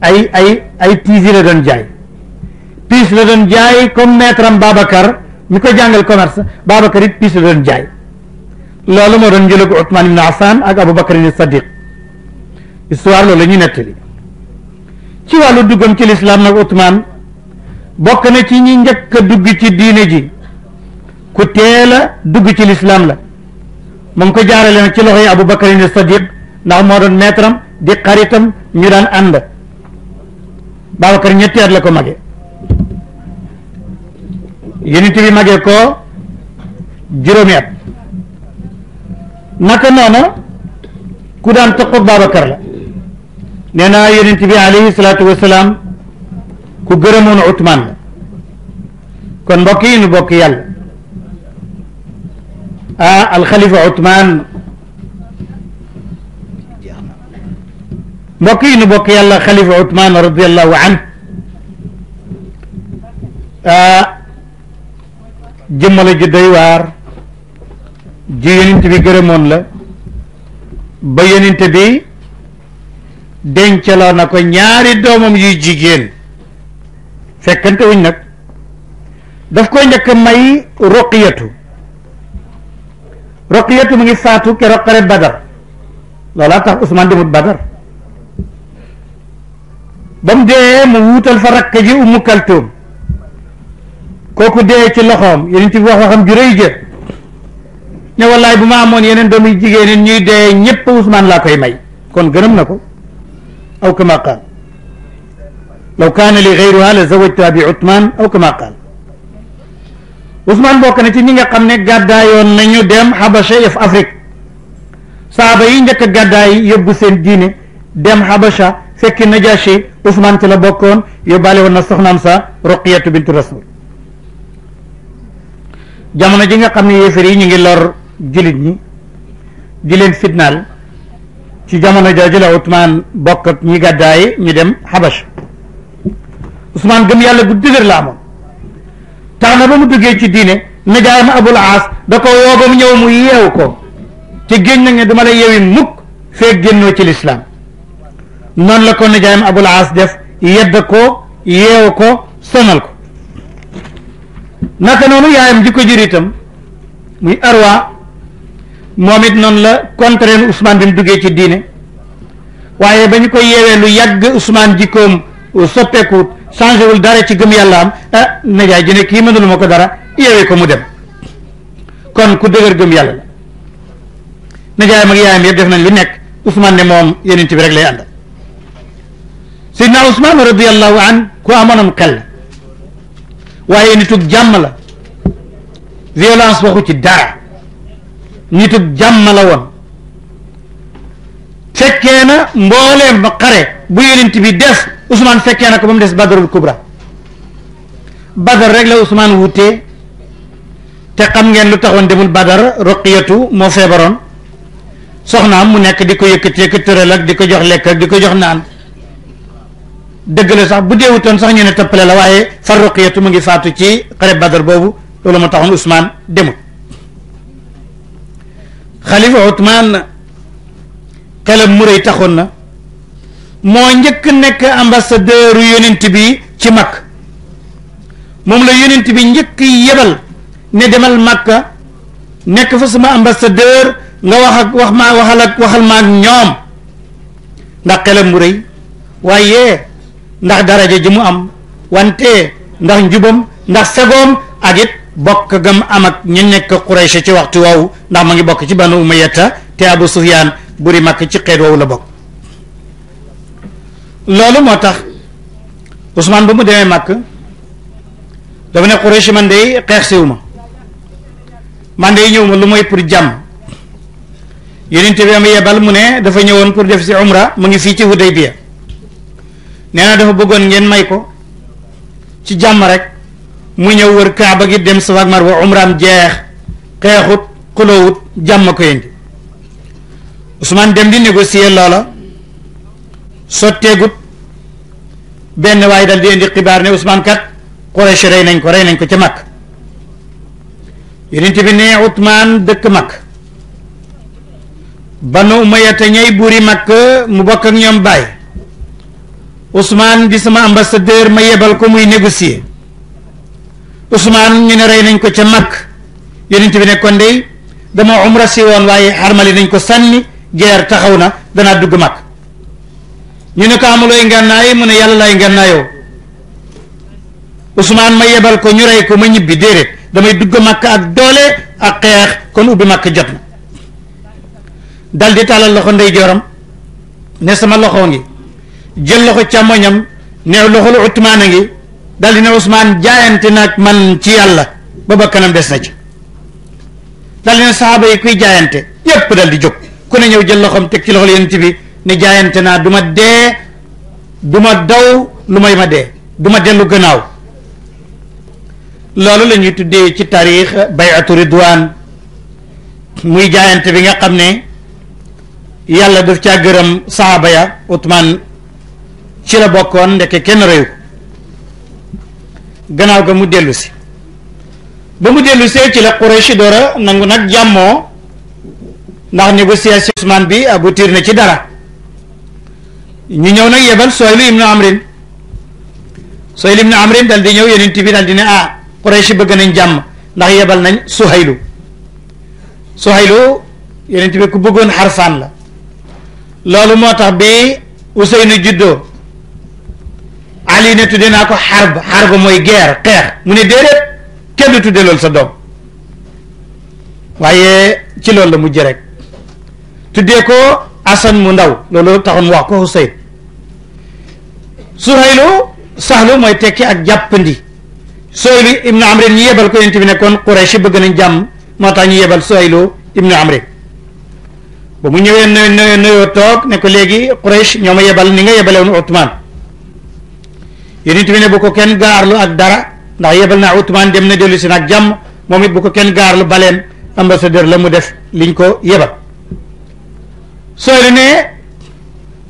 A: ay ay ay tiisi la doon jaay piis la doon jaay comme maître am Babacar mi ko jàngal commerce Babacar it piis la doon jaay loolu moo doon njële ko Ousmane na Affan ak Aboubacar ibn Sadiq histoire loolu la ñuy nettali ci wàllu duggam ci lislaam bokk na ci ñi njëkk a dugg ci diine ji ku a dugg ci la mu ngi ko jaarale nag ci loxo yi Aboubacar ibn ndax moo doon maître am di xaritam ñu daan ànd Babacar ñetti at la ko mage yonent bi magee ko juróomi at naka noona ku daan toqoog Babacar la nee naa yonent bi alayhi salaatu wasalaam ku gërëmoon Utmaan la kon mbokk yi nu bokk yàlla ah alxalifa Utmaan mbokk yi nu jëmmale ji day waar ji yenent bi gërëmoon la ba yenent bi dencaloo na ko ñaari doomam yuy jigéen fekkante wuñ nag daf koy njëkk may roqiyatu roqiyatu mu ngi faatu ke roqare badar loolaa tax Ousmane demut badar ba mu dee mu wuutal fa rakk ji Umu Kaltuum kooku dee ci loxoom yeneen ci wax waxam ju rëy jë ne wallaay bu ma amoon yeneen doomi jigéen ñuy dee ñëpp Ousmane laa koy may kon gërëm na ko aw kama qaal law kaana li gayriha la zawajtuha bi Ousmane aw kama qaal Ousmane bokk na ci ñi nga xam ne gàddaayoon nañu dem Habasha yëf Afrique saaba yi njëkk a gàddaay yóbbu seen diine dem Habasha fekki Najashi Ousmane ci la bokkoon yóbbaale woon na soxnaam sa Ruqiyatu bintu Rasul jamono ji nga xam ne yéefar yi ñu ngi lor jullit ñi di leen fitnaal ci jamono jooju la Ousmane bokk ak ñi gàddaay ñu dem Xabash Ousmane gëm yàlla bu dëgër la amoon tax na ba mu duggee ci diine nijaayam Abul Aas da ko woo ba mu ñëw mu yeewu ko te génn nga duma la yeewi mukk fee génnoo ci lislaam noonu la ko nijaayam Abul Aas def yedd ko yeewu ko sonal ko naka noonu yaayam ji ko jur itam muy arwa moom it noonu la contraire Ousmane bi mu duggee ci diine waaye ba ñu koy yeewee lu yàgg Ousmane jikkoom soppeeku changé dara ci gëm yàlla am ah najaay ji ne kii mënulu ma ko dara yeewee ko mu dem kon ku dëgër gëm yàlla la najaayam ak yaayam yëpp def nañ li nekk Ousmane ne moom yeneen bi rek lay àndal Seydina Ousmane radiyallahu an ku amoonam xel waaye nitug jàmm la violence waxu ci dara nitug jàmm la woon fekkee na mbooleem ba xare bu yonent bi des Ousmane fekkee na ko ba mu des Badarul Kubra Badar rek la Ousmane wutee te xam ngeen lu taxoon demul Badar Roqiyatu moo feebaroon soxnaam mu nekk di ko yëkkati ak tëral ak di ko jox lekk di ko jox naan dëgg la sax bu deewutoon sax ñu ne toppale la waaye farruqiyatu mu ngi faatu ci xare badar boobu loolu moo taxoon Ousmane demut xalifa Ousmane xelam mu rëy taxoon na moo njëkk nekk ambassadeur yonent bi ci Makka moom la yonent bi njëkk yebal ne demal Makka nekk fa sama ambassadeur nga wax ak wax ma waxal ak waxal ma ak ñoom ndax xelam mu rëy waaye ndax daraja ji mu am wante ndax njubam ndax sagom ak it bokk gam am ak ñu nekk quraysh ci waxtu waw ndax ma ngi bokk ci banu umayyata te abu sufyan buri mak ci xeet waw la bokk lolu motax usman bu mu demee mak dafa ne quraysh man day xex siwuma man day ñewuma lu moy pour jàmm yenente bi am yebal mu ne dafa ñewon pour def ci umra mu ngi fi ci hudaybiyah neena dafa bëggoon ngeen may ko ci jàmm rek mu ñëw wër kaaba gi dem safaak marwa umraam jeex xeexut xuloowut jàmm ko yëndi usman dem di négocier loola sotteegut benn waaye dal di indi xibaar ne usman kat Quraysh rey nañ ko rey nañ ko ca makk yonent bi ne dëkk banu umayata ñay buri makk mu bokk ak ñoom bàyyi Usman di sama ambassadeur ma yebal ko muy négocier Usman ñu ne ray nañ ko ci Mak bi nekkon dama umra si won waye armali nañ ko sanni guerre taxawna dana dugg Mak ñu ne ko amulooy ngannaay mu ne yalla lay ngannaayo Usman ma yebal ko ñu ray ko ma ñibbi damay dugg Mak ak doole ak xex kon ubi Mak jot dal di talal loxo ndey joram ne sama loxo ngi jël loxo càmmoñam ne loxolu Utmaan a ngi daal di ne Usmaan jaayante nag man ci yàlla ba kanam des na ci daal di ne saxaaba yi kuy jaayante yépp daal di jóg ku ne ñëw jël loxoom teg ci loxol yonent bi ne jaayante naa du ma dee du ma daw lu may ma dee du ma dellu gannaaw loolu la ñuy tuddee ci taarix bayatu ridwaan muy jaayante bi nga xam ne yàlla daf caa gërëm saxaaba ya Utmaan ci la bokkon ndeke kenn réew gannaaw ga mu delu ci ba mu delu ci ci la Quraysh doora nangu nak jammo ndax négociation Ousmane bi aboutir na ci dara ñu ñew nak yebal Soyl ibn Amrin Soyl ibn Amrin dal di ñew yonent bi dal di ne ah Quraysh bëgg nañ jamm ndax yebal nañ Suhaylu Suhaylu yonent bi ku bëggoon harsan la lolu motax bi juddoo ali ne tudde naa ko xarb xarb mooy guerre xeex mu ne déedéet kenn du tudde loolu sa doom waaye ci loolu la mujj rek tuddee ko asan mu ndaw loolu taxoon wax ko su suhaylu sahlu mooy tekki ak jàppandi suhaylu ibnu amrin ñu yebal ko yent bi ne kon Quraysh bëgg nañ jàmm moo tax ñu yebal suhaylu ibnu amrin ba mu ñëwee nuyoo nuyoo toog ne ko léegi Quraysh ñoo ma yebal ni nga yebale yonent bi ne bu ko kenn gaarlu ak dara ndax yebal naa Utmaan dem na dellu si nag jàmm moom it bu ko kenn gaarlu baleen ambassadeur la mu def liñ ko yebal sooy ne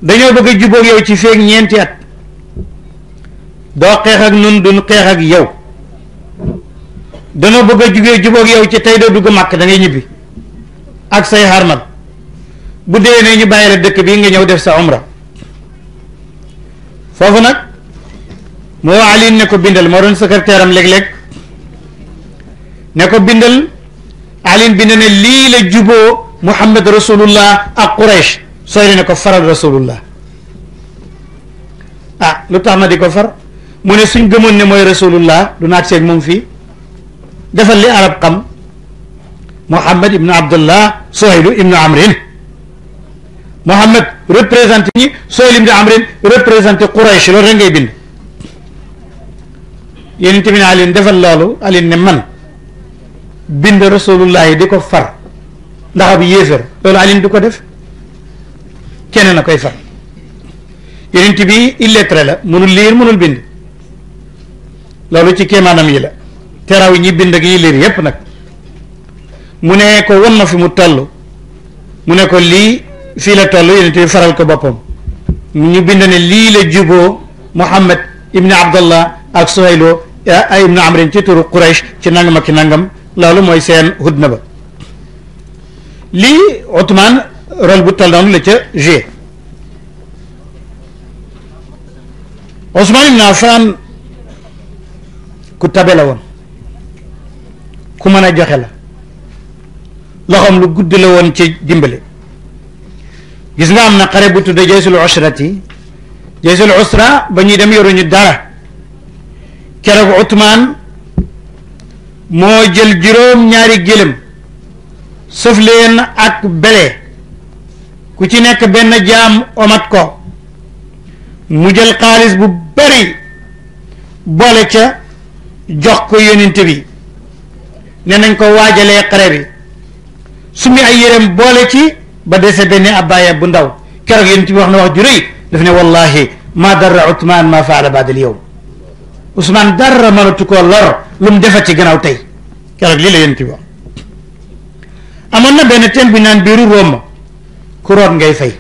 A: dañoo bëgg a yow ci feeg doo xeex ak xeex ak yow danoo bëgg a jugee jubóog yow tey doo dugg màkk dangay ñibbi ak say xarmal bu dee ne ñu bàyyi la dëkk bi nga ñëw def sa umra foofu nag moo Ali ne ko bindal moo doon secrétaire am léeg-léeg ne ko bindal Ali bind ne lii la juboo Muhammad rasulullah ak Quraysh sooy ne ko faral rasulullah ah lu tax ma ko far mu ne suñ gëmoon ne mooy rasulullah du naat seeg moom fii defal li arab xam Muhammad ibnu Abdullah Suhaylu ibnu Amrin Muhammad représenté ñi Suhayl ibnu Amrin représenté Quraysh loolu rek ngay bind yonent bi ne Alioune defal loolu Alioune ne man bind rasulullah di ko far ndax ab yéefar loolu Alioune du ko def keneen a koy far yonent bi illettré la mënul liir mënul bind loolu ci kéemaanam yi la te ñi bind ki yi liir yépp nag mu ne ko won fi mu toll mu ne ko lii fii la toll yonent bi faral ko boppam ñu bind ne lii la juboo Muhammad ibni Abdallah ak Suhaylu ay ibnu amrin ci turu Quraysh ci nangam ak ci nangam loolu mooy seen hudna ba lii Othman rôle bu toll noonu la ca g Othman ibn Affan ku tabe la woon ku mën a joxe la loxoom lu gudd la woon ci dimbale gis nga am na xare bu tudd jaysul usrati jaysul usra ba ñuy dem yoruñu dara keroog Utmaan moo jël juróom ñaari gëlëm sëf leen ak bele ku ci nekk benn jaam omat ko mu jël xaalis bu bari boole ca jox ko yonent bi ne nañ ko waajalee xare bi su mi ay yérem boole ci ba dese benn abbaaya bu ndaw keroog yonent bi wax na wax ju rëy daf ne wallahi ma darra Utmaan ma faala baadal yow Ousmane dara mënatu koo lor lu mu defa ci gannaaw tey keroog lii la yéen ci amoon na benn teen bi naan biiru Rome ku ngay fay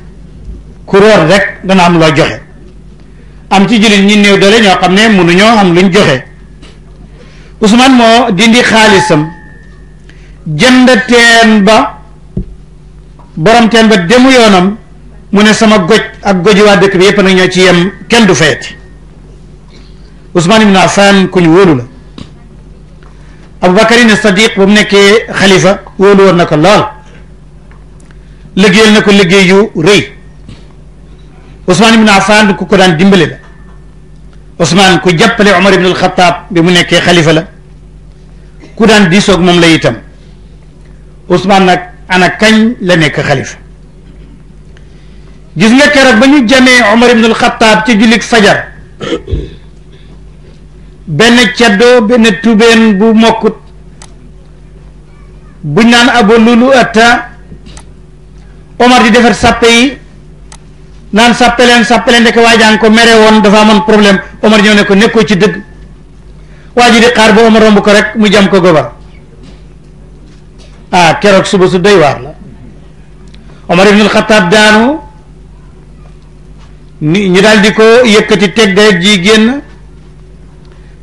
A: ku rek dana am loo joxe am ci jullit ñi néew doole ñoo xam ne mënuñoo am luñ joxe Ousmane moo dindi xaalisam jënd teen ba borom teen ba demu yoonam mu ne sama goj ak goju waa dëkk bi yépp nag ñoo ci yem kenn du fay fayati عثمان بن عفان كوني ولولا ابو بكر الصديق ومن كي خليفه ولو انك الله لجيل نكو لجيو ري عثمان بن عفان كو كدان ديمبلي عثمان كو جابلي عمر بن الخطاب بمن كي خليفه لا كودان ديسوك موم لا يتم عثمان نك انا كاج لا نيك خليفه جيس نك رك بانيو جامي عمر بن الخطاب تي جوليك فجر benn caddoo benn tubeen bu mokkut buñ naan abo lulu atta Omar di defar sàppe yi naan sàppe leen sàppe leen ndeke ko mere woon dafa amoon problème Omar ñëw ne ko nekkoo ci dëgg waa ji di xaar ba Omar romb ko rek mu jam ko gobar ah keroog suba su doy waar la Omar ibnul Xataab daanu ñu daal di ko yëkkati teg deret ji génn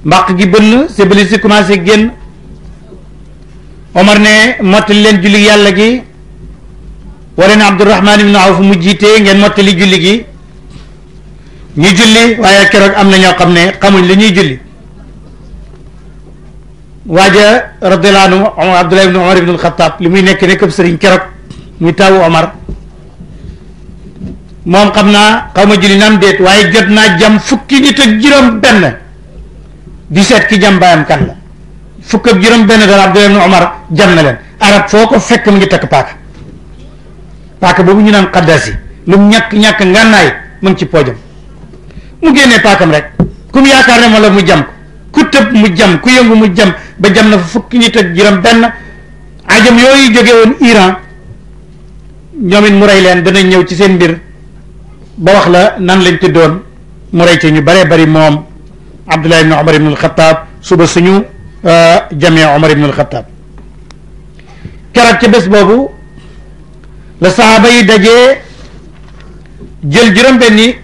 A: mbaq gi bënn si bëli si commencé génn omar ne mottali leen julli yàlla gi wala ne abdourahman ibnu awf mu jiitee ngeen mottali julli gi ñu julli waaye keroog am na ñoo xam ne xamuñ li ñuy julli waaja radiallahu anhu abdullah ibnu omar ibnu alxataab li muy nekk nekk ab sëriñ keroog muy tawu omar moom xam naa xaw ma julli naam déet waaye jot naa jam fukki ñu te juróom benn di ki jam bayam kan la fuk ak juroom ben dara abdou ibn omar jam na len arab foko fek mu ngi takk pak paaka boobu ñu nan qaddasi lu ñak ñak nganaay mu ngi ci poojam mu gene pakam rek kum yaakar ne ma la mu jam ku tepp mu jam ku yëngu mu jam ba jam na fuk fukki nit ak juróom ajam yooyu joge won iran ñoom it mu rey sendir. danañ ñew ci seen bir ba wax la nan lañ tuddoon mu ray ci ñu bare bari mom abdullah ibn omar ibn alxataab suba suñu jamee omar ibn alxataab keroog ci bés boobu la sahaaba yi dajee jël juróom-benni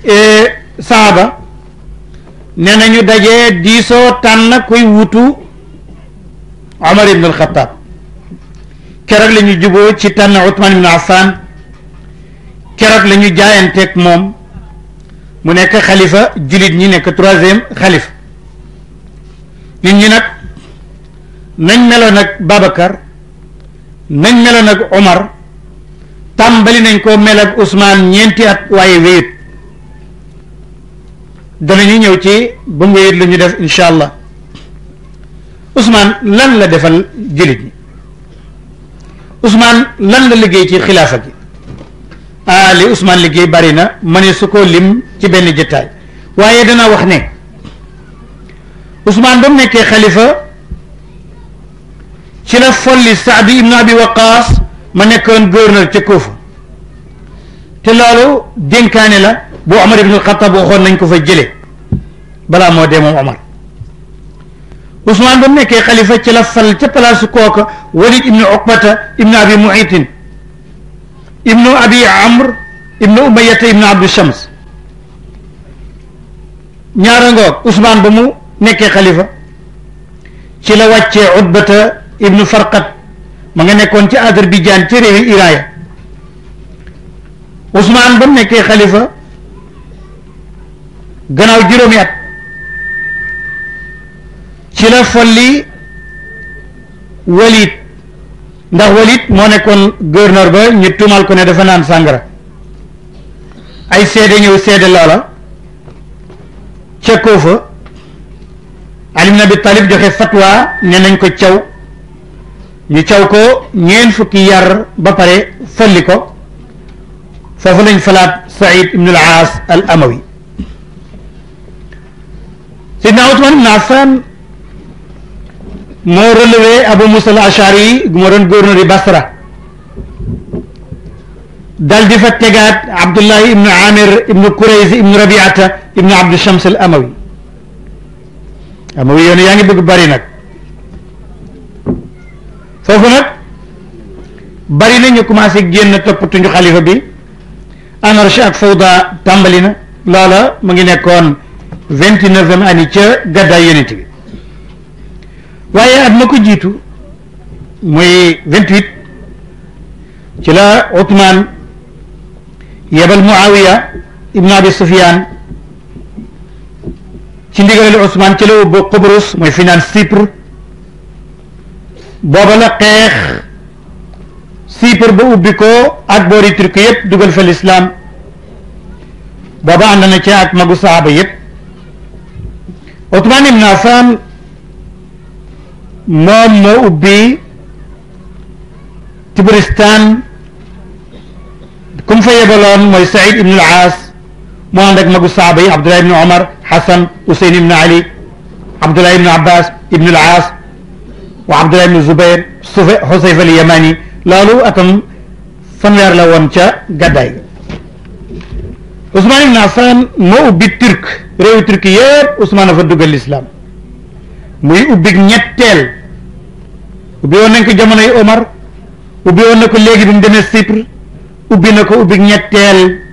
A: sahaaba ne nañu dajee diisoo tànn kuy wutu omar ibn alxataab keroog la ñu juboo ci tànn Ousmane ibn Affan keroog la ñu jaayanteeg moom mu nekk xalifa jullit ñi nekk troisième xalifa nit ñi nag nañ meloon ak Babacar nañ meloon ak Omar tàmbali nañ ko mel ak Ousmane ñeenti at waaye wéyut danañu ñëw ci ba mu wéyut lu ñu def incha allah Ousmane lan la defal jëlit ñi Ousmane lan la liggéey ci xilaafa gi ah li Ousmane liggéey bari na ma ne su ko lim ci benn jëttaay waaye dana wax ne Ousmane ba mu nekkee xalifa ci la folli Saadi ibnu Abi Waqaas ma nekkoon gouverneur ca Kuufa te loolu dénkaane la boo Omar ibnu Xattaab waxoon nañ ko fa jële balaa moo dee moom Omar Ousmane ba mu nekkee xalifa ci la fal ca palaasu kooka Walid ibnu Uqbata ibnu Abi Muitin ibnu Abi Amr ibnu Umayata ibnu Abdu Shams ñaara ngoog Ousmane ba mu nekkee khalifa ci la wacce utbata ibnu farqat ma nga nekkon ci azerbaijan ci rew Iraaya usman bam mu khalifa gënaaw juroom yat ci la folli Walid ndax Walid mo nekkon gouverneur ba ñu tumal ko ne dafa naan sangara ay sédé ñew sédé lola ca kofa ali ibn abi talib joxe fatwa ne nañ ko caw ñu caw ko ñeen fukki yar ba pare folli ko foofu lañ falaat saïd ibn al aas al amawi sidna ousman ibn affan moo relevé abu musa al ashari gu ma doon gouverneur yi basra dal di fa tegaat abdullah ibnu amir ibnu kuraysi ibnu rabiata ibnu abdu shams al amawi xam nga yoon yaa ngi bëgg bari nag foofu nag bari na ñu commencé génn ñu xalifa bi anar ak fawda tàmbali na loola mu ngi nekkoon 29 neuvième année ca gadda yonent bi waaye at ma ko jiitu muy ci la yebal Muawiya ibn Abi Sufyan شندي قال عثمان كيلو بقبرص ما فينا سيبر بابا لقيخ سيبر بو بيكو أكبري تركيا دوغل في الإسلام بابا عندنا كي أكما بو صحابي عثمان بن عفان مام مو بي تبرستان كم في بلون مو سعيد بن العاص مو عندك مغو صحابي عبد الله بن عمر حسن حسين بن علي عبد الله بن عباس ابن العاص وعبد الله بن الزبير حسيف اليماني لالو fanweer la woon ca gàddaay ga Ousmane Ibn Affan moo ubbi turc réewi turc yëpp Ousmane dafa duggal lislaam muy ubbi ñetteel ubbi woon nañ ko jamonoy Omar ubbi woon na ko léegi bi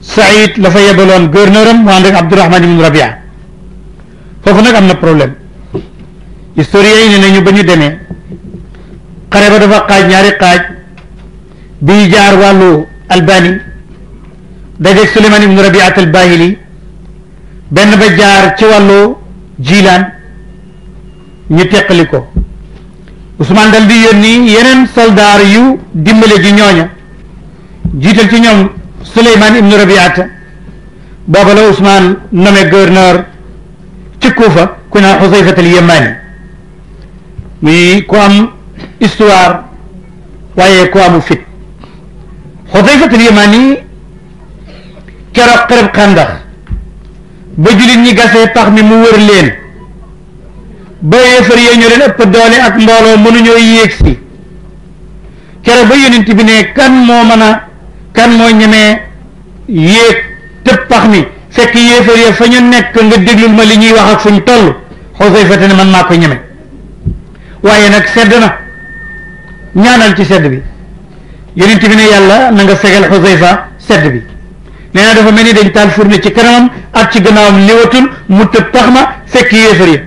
A: Saïd la fa yebaloon gouverneur am mu ànd ak Abdourahman ibn foofu nag am na problème historiens yi ne nañu ba ñu demee xare ba dafa xaaj ñaari xaaj bii jaar wàllu albani dajeeg Suleymaan ibn Rabiat al Bahili benn ba jaar ci wàllu jilaan ñu teqali ko Ousmane dal di ni yeneen soldaar yu dimbale ji ñooña jiital ci ñoom Souleymane ibnu Rabiata booba la Ousmane nommé gouverneur ci ku naan Xusayfat al Yamani muy ku am histoire waaye ku amu fit Xusayfat al Yamani keroog xereb xàndax ba jullit ñi gasee pax mi mu wër leen ba yéefar yee ñu leen ëpp doole ak mbooloo mënuñoo yéeg si keroog ba yonent bi ne kan moo a kan moo ñemee yéeg tëb pax mi fekk yéefar ya fa ñu nekk nga déglul ma li ñuy wax ak fuñ toll Xusayfa ne man maa ko ñeme waaye nag sedd na ñaanal ci sedd bi yonent bi ne yàlla na nga segal Xusayfa sedd bi nee na dafa mel ni dañ taal fourne ci kanamam ak ci gannaawam liwatul mu tëb pax ma fekk yéefar ya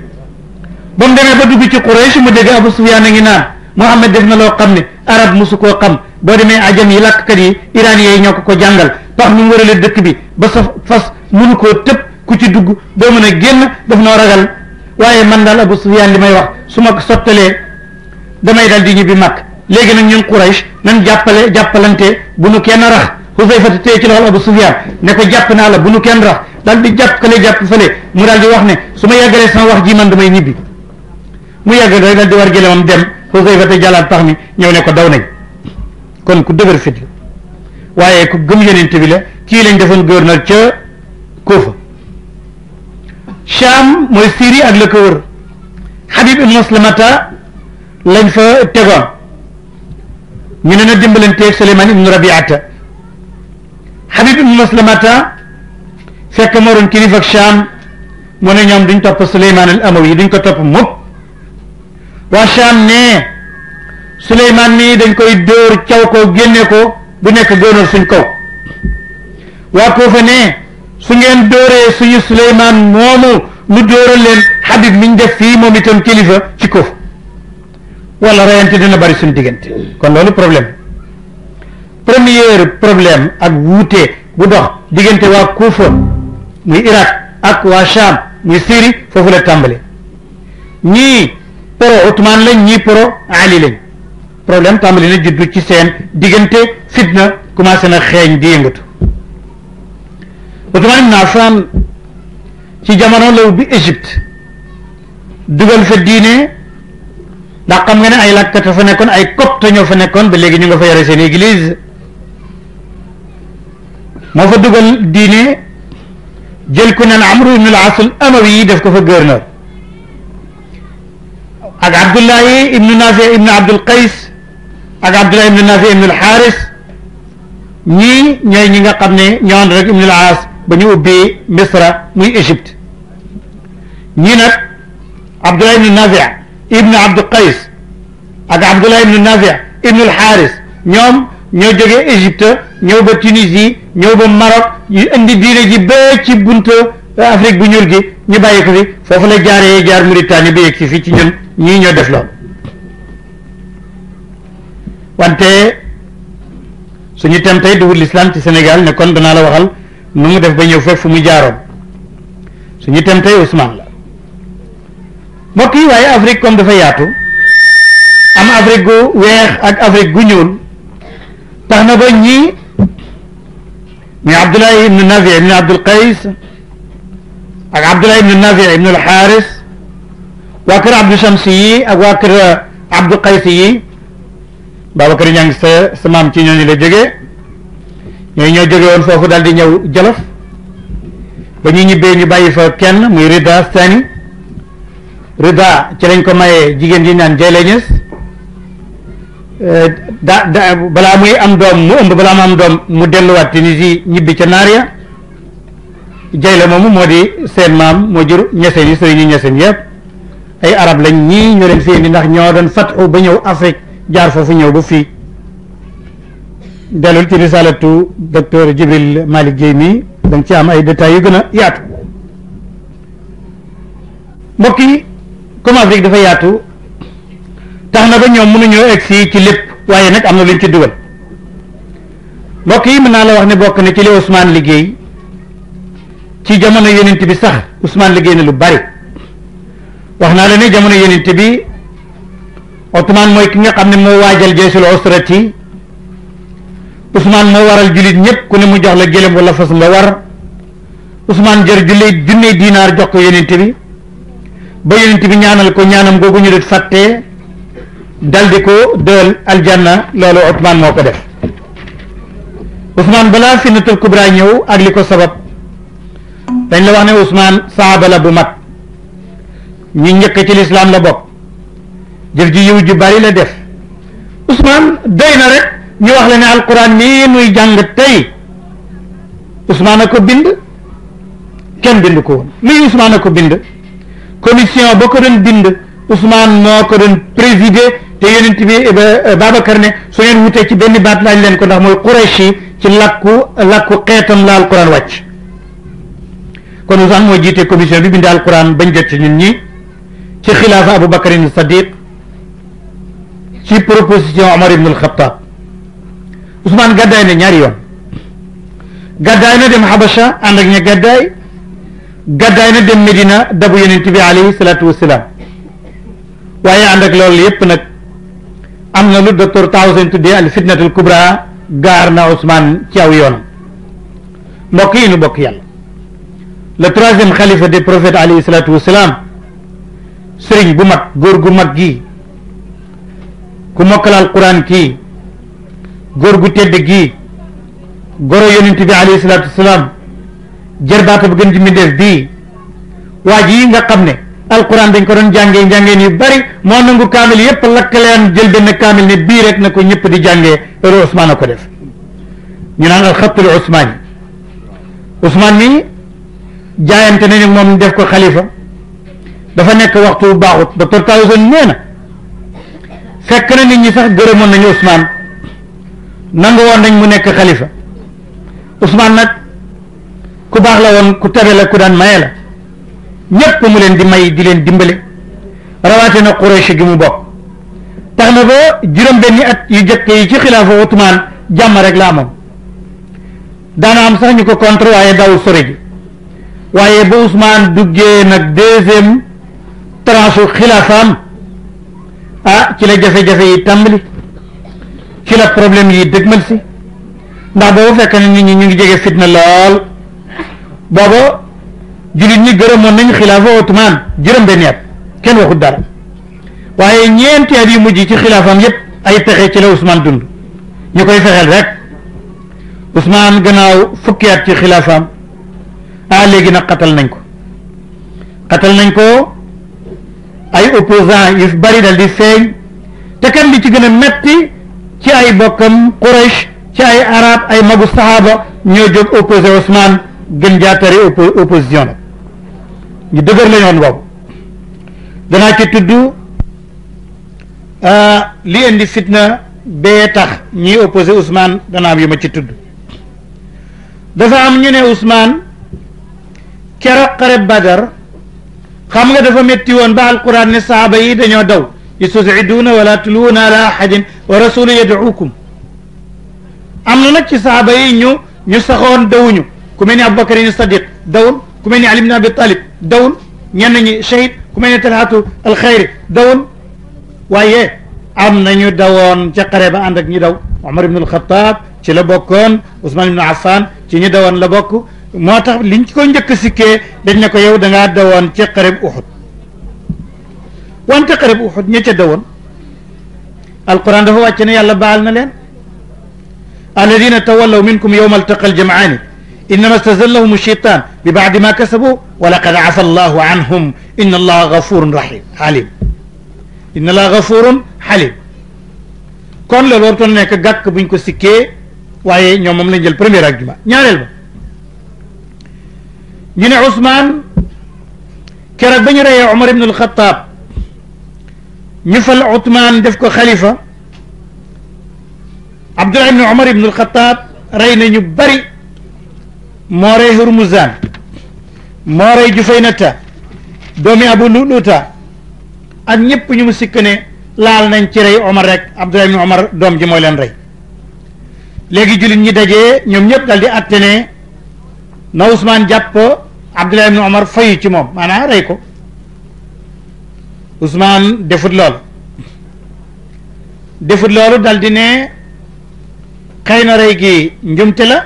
A: ba mu demee ba dugg ci Quraysh mu dégg Abu a ngi naan Muhammad def na loo xam ne arab mosu koo xam boo demee ajam yi làkkat yi iranien yi ñoo ko ko jàngal pax mi mu warale dëkk bi ba sa fas munu koo tëb ku ci dugg doo mën a génn daf noo ragal waaye man daal Abu Sufyaan li may wax su ma sottalee damay dal di ñibbi mag léegi nag ñun Quraysh nan jàppale jàppalante bu nu kenn rax Xusayfa tey ci loxol Abu Sufyaan ne ko jàpp naa la bu nu kenn rax daal di jàpp kale jàpp fële mu daal di wax ne su ma yàggalee sama wax ji man damay ñibbi mu yàgg rek daal di war gëlëmam dem Xusayfa te jàllaat pax mi ñëw ne ko daw nañ kon ku dëgër fit la waaye ku gëm yonent bi la kii lañ defoon gouverneur ca Kufa Sham mooy Syrie ak la ko wër Habib ibn Muslamata lañ fa tegoon ñu ne na dimbalanteeg Suleymaan ibn Rabiata Habib ibn Muslamata fekk moo doon kilifa ak Sham mu ne ñoom duñ topp Suleymaan al Amawi duñ ko topp mukk waa Sham ne Suleymaan nii dañ koy dóor caw ko génne ko bu nekk gënal suñ kaw waa Kuufa ne su ngeen dóoree suñu Suleymaan moomu mu dóoral leen Habib mi def fii moom itam kilifa ci Kuufa wala rayante dina bari suñ diggante kon loolu problème premier problème ak wuute bu dox diggante waa Kuufa muy Irak ak waa Sham muy Syrie foofu la tàmbale ñii pro Ousmane lañ ñii pro Ali lañ problème tàmbali na juddu ci seen diggante fitna commencé na xeeñ di yëngatu Ousmane Ibn Affan ci jamono law bi Égypte dugal fa diine ndax xam nga ne ay lakkata fa nekkoon ay copte ñoo fa nekkoon ba léegi ñu nga fa yore seen église moo fa dugal diine jël ku naan Amru ibn al-As al-Amawi yi def ko fa gouverneur ak Abdullahi ibnu Nafi ibnu Abdul ak abdullah ibn nafi ibn al haris ni ñooy ñi nga xamne ñaan rek ibn al aas ba ñu ubbi misra muy égypte ñi nak abdullah ibn nafi ibn abdu qais ak abdullah ibn nafi ibn al haris ñom ñoo joge égypte ñëw ba tunisie ñëw ba maroc yu indi diine ji ba ci bunta afrique bu ñur gi ñu bayiko fi fofu la jaaré jaar Mauritanie bi ci fi ci ñun ñi ñoo def lool wante suñu tem tey dugul lislaam ci Sénégal ne danaa la waxal nu mu def ba ñëw fekk fu mu jaaroon suñu tem tey Ousmane la mbokk yi dafa yaatu am Afrique gu weex ak Afrique gu tax na ba ñii muy Abdoulaye ibnu Nafi ibnu Abdul Qays ak Abdoulaye ibnu Nafi ibnu al Xaaris waa kër Abdou Shams yi ak waa babakar ñang sa samam maam ci ñooñu la jëgé ñoy ñoo jëgé won fofu dal di ñew jëlof ba ñu ñibé ñu bayyi fa kenn muy Rida Sani Rida ci lañ ko mayé jigen ji ñaan Jayle Niass eh, da da bala muy am dom mu ëmb bala am dom mu delluwaat Tunisie ñibbi ci naar ya Jayle moomu moo di seen mam mo jur ñeseen yi sëriñu ñeseen yëpp ay arab lañ ñi ñoo leen seeni ndax ñoo doon fatu ba ñew Afrique jaar foofu ñëw ba fii dellul ci risalatu docteur Jibril Malick Guèye mi da nga ci am ay détails yu gën a yaatu mbokki yi comme Afrique dafa yaatu tax na ba ñoom mënuñoo egg si ci lépp waaye nag am na luñ ci dugal mbokk yi mën naa la wax ne bokk na ci li Ousmane liggéey ci jamono yonent bi sax Ousmane liggéey na lu bari wax naa la ne jamono yonent bi Othman mooy ki nga xam ne moo waajal jaysul usrati Ousmane mo waral jullit ñëpp ku ne mu jox la gëlëm wala fas nga war Ousmane jar jullit junne dinar jox ko yonent bi ba yonent bi ñaanal ko ñaanam googu ñu dut fàttee daldi ko dël aljanna loolu Ousmane moo ko def Ousmane balaa fitnatul kubra ñëw ak li ko sabab dañ la wax ne Ousmane saaba la bu mag ñu njëkk ci lislaam la bokk jëf ji yiw ju bari la def Ousmane doy na rek ñu wax la ne alquran mii muy jàng tey Ousmane a ko bind kenn bind ko woon mii Ousmane a ko bind commission ba ko doon bind Ousmane moo ko doon présider te yonent bi eh, eh, Babacar ne su ngeen wutee ci benn baat laaj leen ko ndax mooy Qurayshi ci làkku làkku xeetam la alquran wàcc kon Ousmane moo jiite commission bi bind alquran bañ jot ci ñun ñi ci xilaafa Aboubacar Sadiq ci proposition Omar ibn al-Khattab Ousmane gaday na ñaari yoon gaday na dem Habasha and ak ñe gaday gaday na dem Medina dabu yenen tibbi alayhi salaatu wasalaam waye and ak lool yépp nak amna lu docteur al fitnatul kubra gar na Ousmane ci aw yoonam mbokk yi nu bokk yalla le troisième khalifa des prophètes alayhi serigne bu mat gor gu mat gi कुमकलाल कुरा गोरगुटे गी गोर योन अली सलाम जरदात गंज मिडे दी वाजी कमने अल कुरान दिन करन जांगे जांगे नि बरी मोनंगु कामिल ये पलकले अन जिल दिन कामिल ने बी रेक न को निप दी जांगे रो उस्मान को देस नि नंग अल खत उस्मान उस्मान नि जायन तने ने मोम को खलीफा दफा नेक वक्त बाहुत बतर ताउजन नेना fekk na nit ñi sax gërëmoon nañu Ousmane nangu woon nañ mu nekk xalifa usmaan nag ku baax la woon ku tabe la ku daan maye la ñépp mu leen di may di leen dimbale rawaate na Quraysh gi mu bokk tax na ba juróom benni at yu jëkk yi ci xilaafa Ousmane jàmm rek la daana am sax ñu ko contre waaye dawul sori ji waaye ba Ousmane duggee nag deuxième tranche xilaafaam ah ci la jafe-jafe yi tàmbali ci la problème yi dëgmal si ndax boobu fekk na nit ñi ñu ngi jege fitna lool booba jullit ñi gërëmoon nañ xilaafa Othman juróom benn at kenn waxut dara waaye ñeenti at yu mujj ci xilaafaam yépp ay pexe ci la Ousmane dund ñu koy fexeel rek Ousmane gannaaw fukki at ci xilaafaam ah léegi nag xatal nañ ko xatal nañ ko ay opposant yu bari dal di feeñ te kat li ci gën a metti ci ay bokkam Quraysh ci ay arab ay magu sahaba ñoo jóg opposé Ousmane gën jaatari opposition la ñu dëgër lañu woon boobu danaa ci tudd ah, li indi fitna bee tax ñiy opposé Ousmane dana am yu ci tudd dafa am ñu ne Ousmane keroog xare Badar xam nga dafa metti woon ba alquran ne sahaaba yi dañoo daw yastosciduuna wala tuluuna ala ahadin wa rasulu yadcuukum am na nag ci sahaaba yi ñu ñu saxoon dawuñu ku mel ni aboubacar ibn sadiq dawul ku mel ni ali ibn abi talib dawul ñenn ñi shahid ku mel ni talhatu alxayri dawul waaye am nañu dawoon ca xare ba ànd ak ñi daw omar ibn alxataab ci la bokkoon ousmane ibn affan ci ñi dawoon la bokk moo tax liñ ko njëkk sikkee dañ ne ko yow da ngaa dawoon ca xareb uxud wante xareb uxud ña ca dawoon alquran dafa wàcc ne yàlla baal na leen alladina tawallaw minkum yowma altaqa aljamaani innama stazallahum sheytan bi baadi ma kasabu wa laqad afa allahu anhum inna allaha gafurun rahim alim inna allaha gafurun halim kon loolu wartoon nekk gàkk buñ ko sikkee waaye ñoom moom lañ jël premier argument ñaareel ba ñu ne Ousmane keroog ba ñu reyee Omar ibn al-Khattab ñu fal Ousmane def ko xalifa Abdullah ibn Omar ibn al-Khattab rey na ñu bari moo rey Hurmuzan moo rey Jufaynata doomi Abu Luluta ak ñëpp ñu mu sikk ne laal nañ ci rey Omar rek Abdullah ibn Omar doom ji mooy leen rey léegi jullit ñi dajee ñoom ñëpp dal di atte ne na Ousmane jàpp Abdullah ibn Omar fayu ci moom maanaa rey ko Ousmane defut loolu defut loolu dal di ne xëy na rey gi njumte la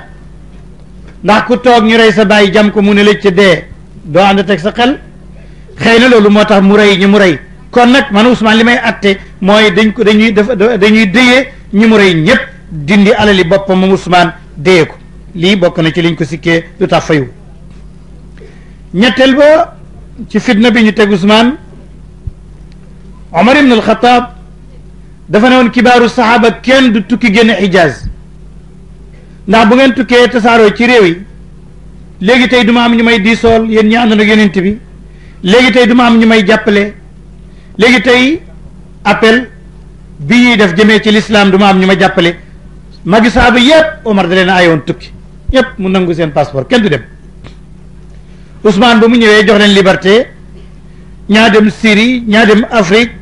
A: ndax ku toog ñu rey sa bàyyi jam ko mu ne lëj ca dee doo ànd teg sa xel xëy na loolu moo tax mu rey ñi mu rey kon nag man Ousmane li may atte mooy dañ ko dañuy def dañuy déyee ñi mu rey ñëpp dindi alali boppam moom Ousmane déye ko lii bokk na ci liñ ko sikkee lu tax fayu ñetteel ba ci fitna bi ñu teg Ousmane Omar ibn al-Khattab dafa ne woon kibaaru saxaaba kenn du tukki génn Xijaaz ndax bu ngeen tukkee tasaaroo ci réew yi léegi tey duma am ñu may diisool yéen ñi àndoon ak yonent bi léegi tey duma am ñu may jàppale léegi tey appel bi ñuy def jëmee ci lislaam duma am ñu ma jàppale magi saaba yépp Omar da leen a ayoon tukki ñëpp mu nangu seen passeport kenn du dem Ousmane bu mu ñëwee jox leen liberté ñaa dem Syrie ñaa dem Afrique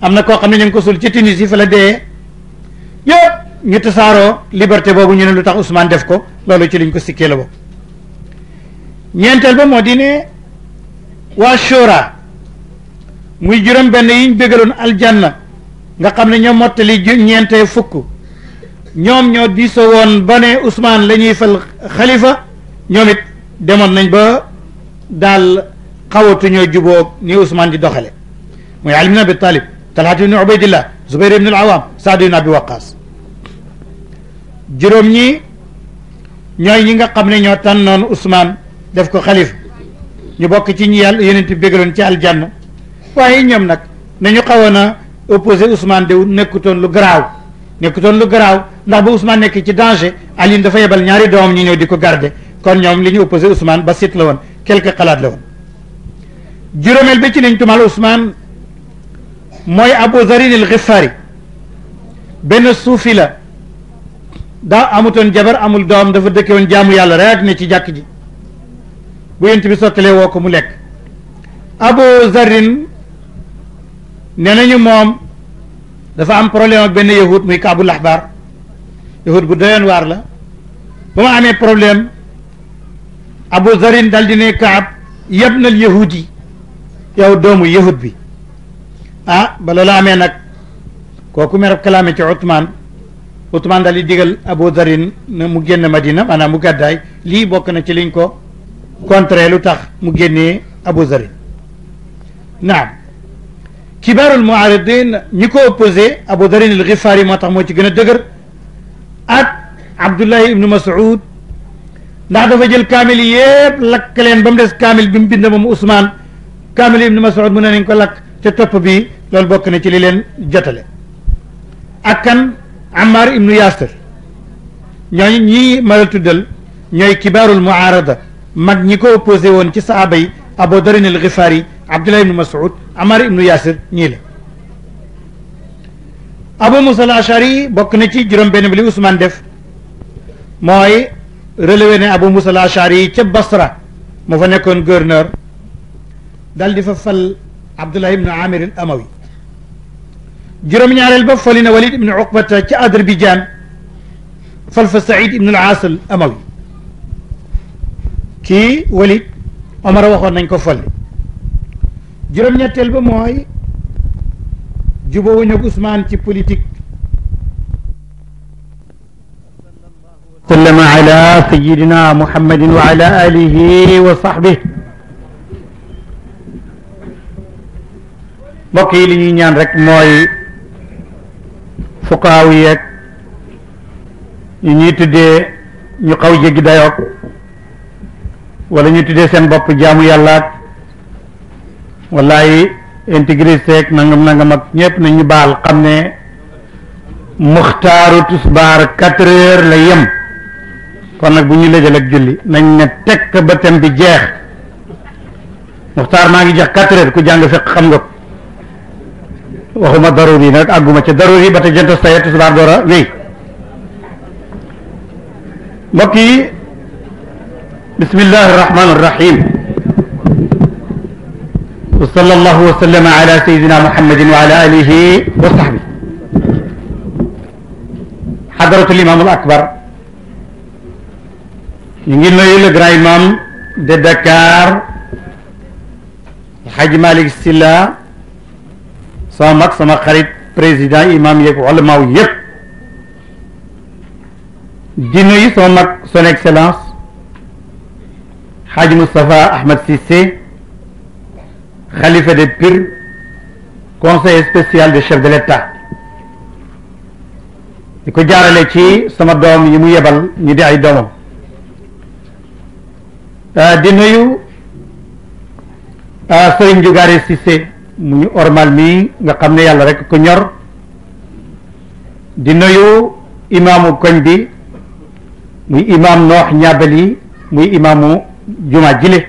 A: am na koo xam ne ñu ngi ko sul ci Tunisie fa la dee yëpp ñu tasaaroo liberté boobu ñu ne lu tax Ousmane def ko loolu ci liñ ko sikkee la bokk ñeenteel ba moo di Shura muy juróom benn yiñ aljanna nga xam ne ñoo motali fukk ñoom ñoo diisoo woon ba ne Ousmane la ñuy fal xalifa ñoom it demoon nañ ba daal xawatuñoo jubóog ni Ousmane di doxale mooy Ali ibn Abi Talib Talhat ibn Ubaydillah Zubayr ibn al-Awam Saad ibn Abi Waqas juróom ñi ñooy ñi nga xam ne ñoo tànnoon Ousmane def ko xalifa ñu bokk ci ñi yàlla yonent bégaloon ci aljanna waaye ñoom nag nañu xawoon a opposé Ousmane de nekkutoon lu garaaw nekkutoon lu garaaw ndax ba Ousmane nekk ci danger Alioune dafa yebal ñaari doom ñu ñëw di ko garder kon ñoom li ñu opposé Ousmane ba sit la woon quelque xalaat la woon juróomeel bi ci nañ tumal Ousmane mooy Abu Zarin al Ghifari benn suufi la daa amutoon jabar amul doom dafa dëkke woon jaamu yàlla rek ne ci jàkk ji bu yent bi sottalee woo ko mu lekk Abu Zarin nee nañu moom dafa am problème benn yahud muy Kaabul Ahbar yahud bu doyoon waar la ba ma amee problème Abu Zarin dal di ne Kaab yëpp nal yahud yi yow doomu yahud bi ah ba amee nag kooku merab kalaame ci Ousmane Ousmane dal di digal Abu Zarin mu génn Madina maanaam mu gàddaay lii bokk na ci liñ ko contré lu tax mu génne Abu Zarin naam كبار المعارضين نيكو اوبوزي ابو درين الغفاري ما تامو تي دغر ات عبد الله ابن مسعود دا دا فجل كامل ييب لكلين بام ديس كامل بيم بند مام عثمان كامل ابن مسعود من نكو لك تي توب بي لول بوك ني تي لي لين جاتالي اكن عمار ابن ياسر ñoy ñi mara tuddal ñoy kibarul muarada mag ñi ko opposé won ci sahaba yi abou darin al ghifari abdullah ibn mas'ud amar ibnu yasir ñii la abu musa al ashari bokk na ci juróom benn bi li ousmane def mooy relevé ne abu musa al ashari ca basra mu fa nekkoon gouverneur dal di fa fal abdullah ibnu amir al amawi juróom-ñaareel ba fali na walid ibnu uqbata ca adrbijaan fal fa saïd ibnu al aas al amawi kii walid omar waxoon nañ ko fali juróom-ñetteel ba mooy jubawuñ ak Ousmane ci politique sallama ala sayidina muhammadin wa ala alihi wa sahbih mbokk yi li ñuy ñaan rek mooy fuqaaw yeeg ñu ñuy tuddee ñu xaw jéggi dayoog wala ñu tuddee seen bopp jaamu yàllaak wallahi intégrer ak nangam nangam ak ñepp nañu baal xam ne muxtaaru tisbaar quatre heures la yem kon nak bu ñu lëjal ak julli nañ ne tek ba tem bi jeex muxtaar ma ngi jeex 4 heures ku jang fiq xam nga waxuma daruri nak aguma ci daruri ba ta jënt saye tisbaar dora wi wéy bismillahir rahmanir rahim وصلى الله وسلم على سيدنا محمد وعلى آله وصحبه حضرة الإمام الأكبر نجيل نويل إمام دكار الحاج مالك السلا صامك صامك خريط بريزيدان إمام يك علماء يك دينوي سامك سون إكسلانس حاج مصطفى أحمد سيسي xalifa de Pire conseiller spécial du chef de l'État di ko jaarale ci sama doom yi mu yebal ñu di ay doomam ah, di nuyu ah, Serigne Jugaare Cissé mu ñu ormal mii nga xam ne yàlla rek ko ñor di nuyu imaamu koñ bi muy imaam noox ñaabal yi muy imaamu juma jile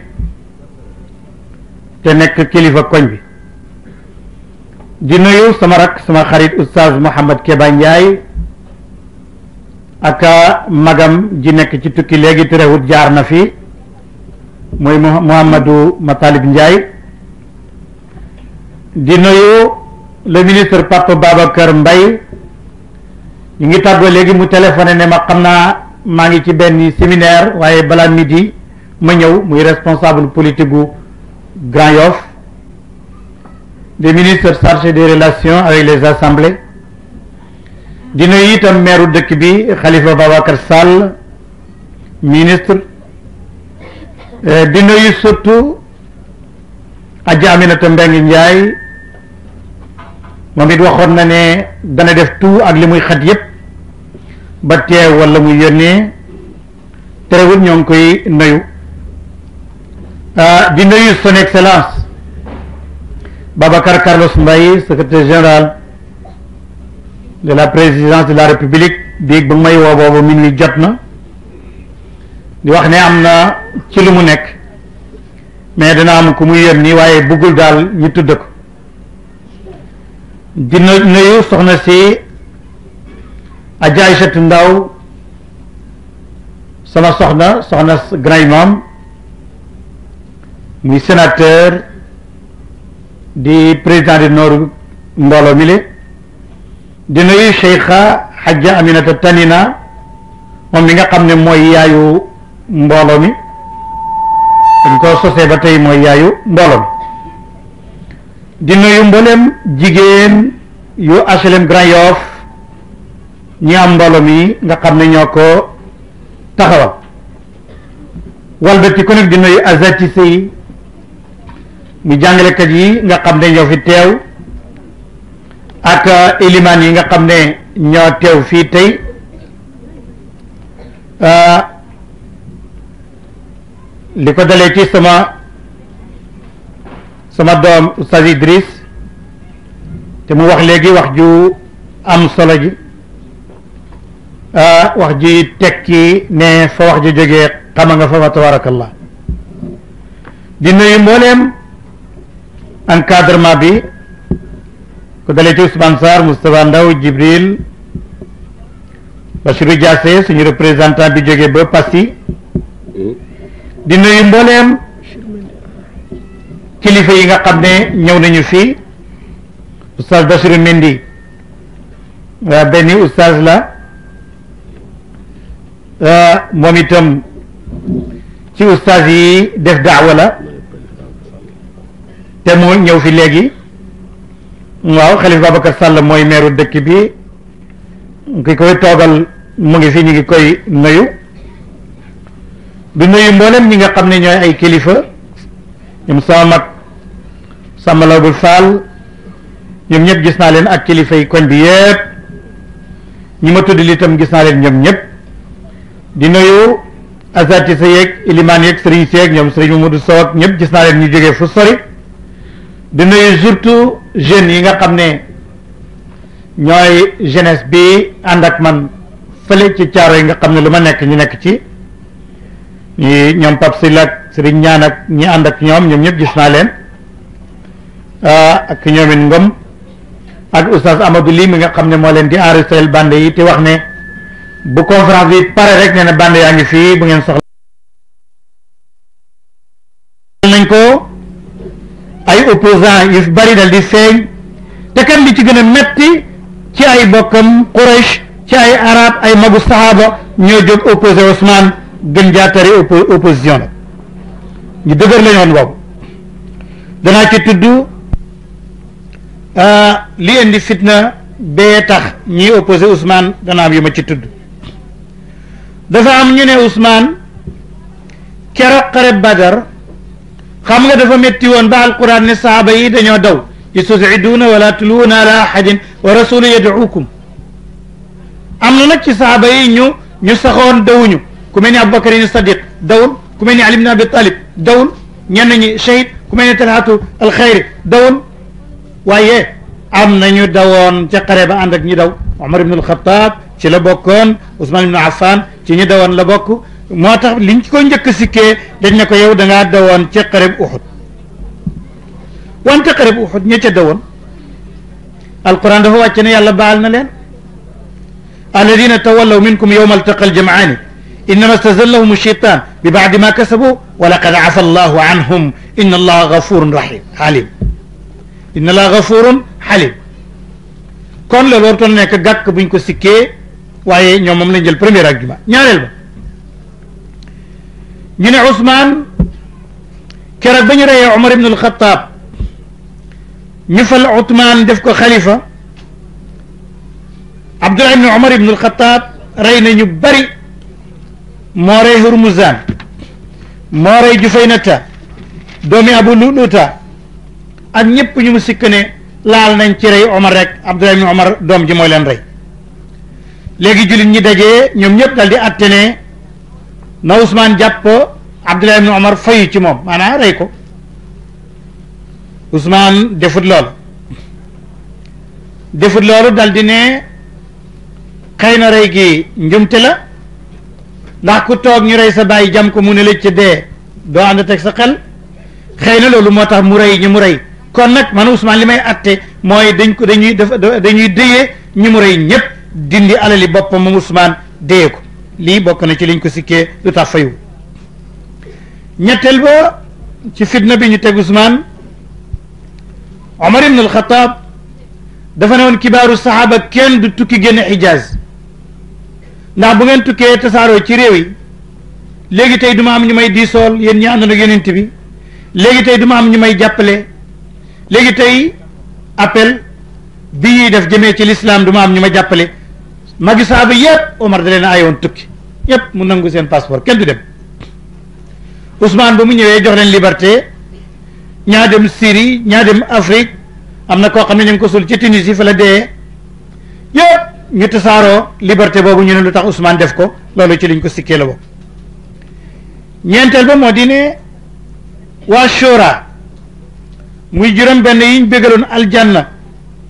A: te nekk kilifa koñ bi di nuyu sama rak sama xarit oustaz Mouhamed Keba Ndiaye ak magam ji nekk ci tukki léegi terewut jaar na fi mooy Mouhamadou Matalib Ndiaye di nuyu le ministre Papa kër mbay ñu ngi tàggoo léegi mu téléphoné ne ma xam naa maa ngi ci benn séminaire waaye balaa di ma ñëw muy responsable politique gu Grand Yoff, des ministres chargés des relations avec les assemblées di nuyu itam meeru dëkk bi xalifa Babacar sàll ministre eh, di nuyu surtout Adja Aminata Mbengue Ndiaye moom it waxoon na ne dana def tout ak li muy xat yépp ba teew wala muy yónnee terewul ñoo ngi koy nuyu Ah, di nuyu son excellence Babacar Carlos Mbaye secrétaire général de la présidence de la république biig ba may woo boobu minuit jot na di wax ne am na ci li mu nekk mais dana am ku muy yónni waaye bëggul daal ñu tudd ko di nuyu soxna si Adja Aïchatou Ndaw sama soxna soxna grand imam muy sénateur di président di nooru mbooloo mi li di nuyu Cheikha Hajja Aminata Tanina moom mi nga xam ne mooy yaayu mbooloo mi dañ koo sosee ba tey mooy yaayu mbooloo mi di nuyu mboolem jigéen yu HLM Grand Yoff ñi am mbooloo mi nga xam ne ñoo ko taxawal walbati ko nekk dina nuyu azati sey mu jàngalekat yi nga xam ne ñoo fi teew ak euh, ilimaan yi nga xam ne ñoo teew fii tey euh, li ko dalee ci sama sama doom Oustaz Idriss te mu wax léegi wax ju am solo ji euh, wax ji tekki ne fa wax ji jógee xama nga fa fa tabarakallah di nuyu mbooleem encadrement bi ku dalee ci Ousmane Sarr Moustapha Ndaw Djibril Bachirou Diassé suñu représentant bi jógee ba Passy di nuyu mbooleem kilifa yi nga xam ne ñëw nañu fii oustaz Bachirou Mendy waa benn oustaz la moom ci oustaz yi def daawa te mu ñëw fi léegi waaw xalif Babacar Sall mooy meeru dëkk bi ki koy toogal mu ngi fi ñu ngi koy nuyu bu nuyu mboolem ñi nga xam ne ñooy ay kilifa ñoom sama mag sama law bu ñoom ñëpp gis naa leen ak kilifa yi koñ bi yëpp ñi ma tudd li itam gis naa leen ñoom ñëpp di nuyu asati sa yeeg ilimaan yeeg sëriñ si yeeg ñoom sëriñ Mamadou Sow ak ñëpp gis naa leen ñu jógee fu sori di nuyu surtout jeune yi nga xam ne jeunesse bi andak man fele ci yi nga xam ne lu ñu nek ci ñi ñom pap Sylla ak Serigne Ñaan ak ñi ànd ak ñom ñoom gis na len ah, ak ñoomin Ngom ak oustaz Amadou li mi nga ne len di arrestel bande yi te wax ne bu conférence bi pare rek nee na bande yaangi fi bu ngeen soxla opposant yu bari dal di feeñ li ci gën a metti ci ay bokkam Quraysh ci ay arab ay magu sahaba ñoo jóg opposé Ousmane gën jaatari opposition la ñu dëgër la ñoon boobu danaa ci tuddu ah, li indi fitna bee ñi ñiy opposé Ousmane dana am ci tudd dafa am ñu ne Ousmane keroog xare Badar xam nga dafa métti woon ba alquran ne saaba yi dañoo daw istusiduuna wala tuluuna ala ahadin wa rasulu yaduukum am na nag ci saaba yi ñu ñu saxoon dawuñu ku mel ni aboubacar ibn sadiq dawul ku mel ni ali ibn abi talib dawul ñenn ñi shahid ku mel ni talhatu alxayri dawul waaye am nañu dawoon ca xare ba ànd ak ñi daw omar ibn alxataab ci la bokkoon ousmane ibn affan ci ñi dawoon la bokk moo tax liñ ko njëkk sikkee dañ ne ko yow da ngaa dawoon ca xareb uxud wante xareb uxud ña ca dawoon alquran dafa wàcc ne yàlla baal na leen alladina tawallaw minkum yowma altaqa aljamaani innama stazallahum sheytan bi baadi ma kasabu wa laqad afa allahu anhum inna allaha gafurun rahim halim inna allaha gafurun halim kon loolu wartoon nekk gàkk buñ ko sikkee waaye ñoom moom lañ jël premier argument ñaareel ba من عثمان بن ري عمر بن الخطاب نفل عثمان دفكو خليفة عبد الله بن عمر بن الخطاب رأينا نبري موري هرمزان موري جفينتا دومي أبو لؤلؤتا ak ñëpp ñu mu sikk ne laal nañ ci rey Omar rek Abdoulaye ibn Omar doom ji mooy leen rey léegi jullit ñi dajee ñoom ñëpp dal di atte na Ousmane jàpp Abdullah ibn Omar fayu ci moom maanaam rey ko Ousmane defut loolu defut loolu dal di ne xëy na rey gi njumte la ndax ku toog ñu rey sa bàyyi jam ko mu ne lëj ca dee doo ànd teg sa xel xëy na loolu moo tax mu rey ñi mu rey kon nag man Ousmane li may atte mooy dañ ko dañuy def dañuy déyee ñi mu rey ñëpp dindi alali boppam moom Ousmane déye ko lii bokk na ci liñ ko sikkee lu tax fayu ñetteel ba ci fitna bi ñu teg Ousmane Omar ibn al dafa ne woon kibaaru saxaaba kenn du tukki génn Xijaaz ndax bu ngeen tukkee tasaaroo ci réew yi léegi tey du am ñu may diisool yéen ñi àndoon ak yonent bi léegi tey du am ñu may jàppale léegi tey appel bi ñuy def jëmee ci lislaam du am ñu ma jàppale magistrat bi yëpp Omar da leen a ayoon tukki ñëpp mu nangu seen passeport kenn du dem Ousmane ba mu ñëwee jox leen liberté ñaa dem Syrie ñaa dem Afrique am na ko xam ne ñu ko sul ci Tunisie fa la dee yëpp ñu tasaaroo liberté boobu ñu ne lu tax Ousmane def ko loolu ci liñ ko sikkee la bokk ñeenteel ba moo di waa Shura muy juróom benn yi ñu bégaloon aljanna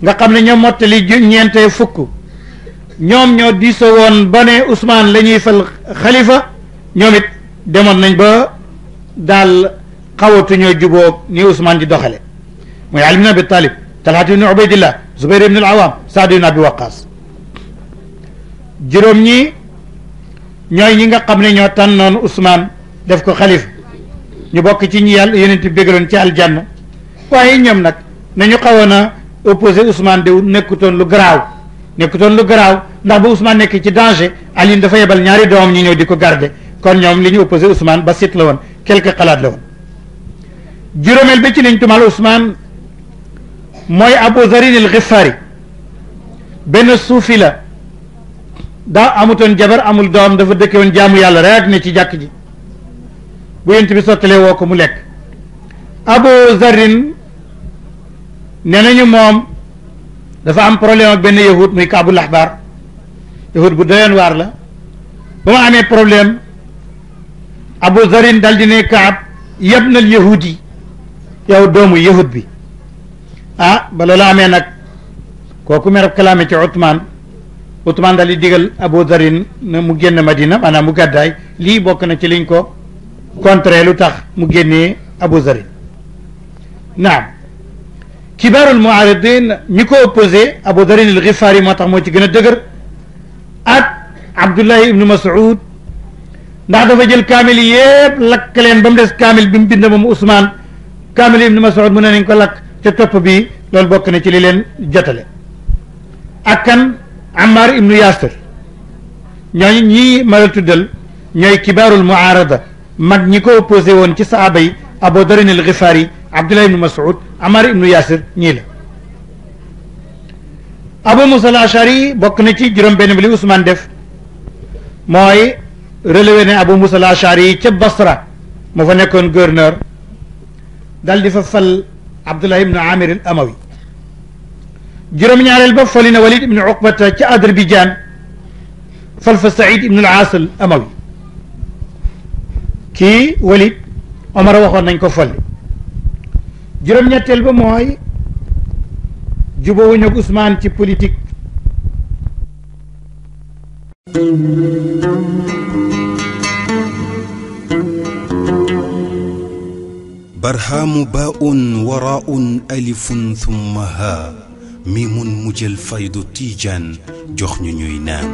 A: nga xam ne ñoo mottali ñeentee fukk ñoom ñoo diisoo woon ba ne Ousmane la xalifa ñoom it demoon nañ ba daal xawatuñoo jubóog ni Ousmane di doxale mooy Ali ibn Abi Talib Talhat ibn Ubaydillah Zubayr ibn al-Awam Abi Waqas juróom ñi ñooy ñi nga xam ne ñoo tànnoon Ousmane def ko xalifa ñu bokk ci ñu yàlla yeneen ti bégaloon ci aljana waaye ñoom nag nañu xawoon a opposé Ousmane de nekkutoon lu garaaw nekk toon lu garaaw ndax ba Ousmane nekk ci danger Alioune dafa yebal ñaari doom ñu ñëw di ko garder kon ñoom li ñu opposé Ousmane ba sit la woon quelque xalaat la woon juróomeel bi ci liñ tumal Ousmane mooy Abu Zarin al Ghifari benn suufi la daa amutoon jabar amul doom dafa dëkke woon jaamu yàlla rek ne ci jàkk ji bu yent bi sottalee woo ko mu lekk Abu Zarin nee nañu moom dafa am problème ak benn yahud muy kaabul axbaar yahud bu doyoon waar la ba ma amee problème abu zarin dal di ne kaab yëpp nal yahud yow doomu yahud bi ah ba loola amee nag kooku merab kalaame ci Ousmane Ousmane dal di digal abu zarin mu génn madina maanaam mu gàddaay lii bokk na ci liñ ko contré lu tax mu génnee abu zarin naam كبار المعارضين ميكو اوبوزي ابو درين الغفاري ما تخموتي غنا دغر ات عبد الله ابن مسعود دا دا فجل كامل ييب لكلين بام ديس كامل بيم بند مام عثمان كامل ابن مسعود من نكو لك تا توب بي لول بوك ني تي لين جاتال اكن عمار ابن ياسر ñoy ñi mala tuddal ñoy kibarul muarada mag ñi opposé won ci sahaba abou darin al ghifari abdullah ibnu masud amar ibnu yasir ñii la abu musa al ashari bokk na ci juróom benn bi li ousmane def mooy relevé ne abu musa al ashari ca basra mu fa nekkoon gouverneur dal di fa fal abdullah ibnu amir al amawi juróom-ñaareel ba fali na walid ibnu uqbata ca adrbijaan fal fa saïd ibnu al aas al amawi kii walid omar waxoon nañ ko fali juróom-ñetteel ba mooy jubóowuñ ak Ousmane ci politik barhaamu baaun waraaun alifun thumma haa mi mun faydu tiijaan jox ñu ñuy naan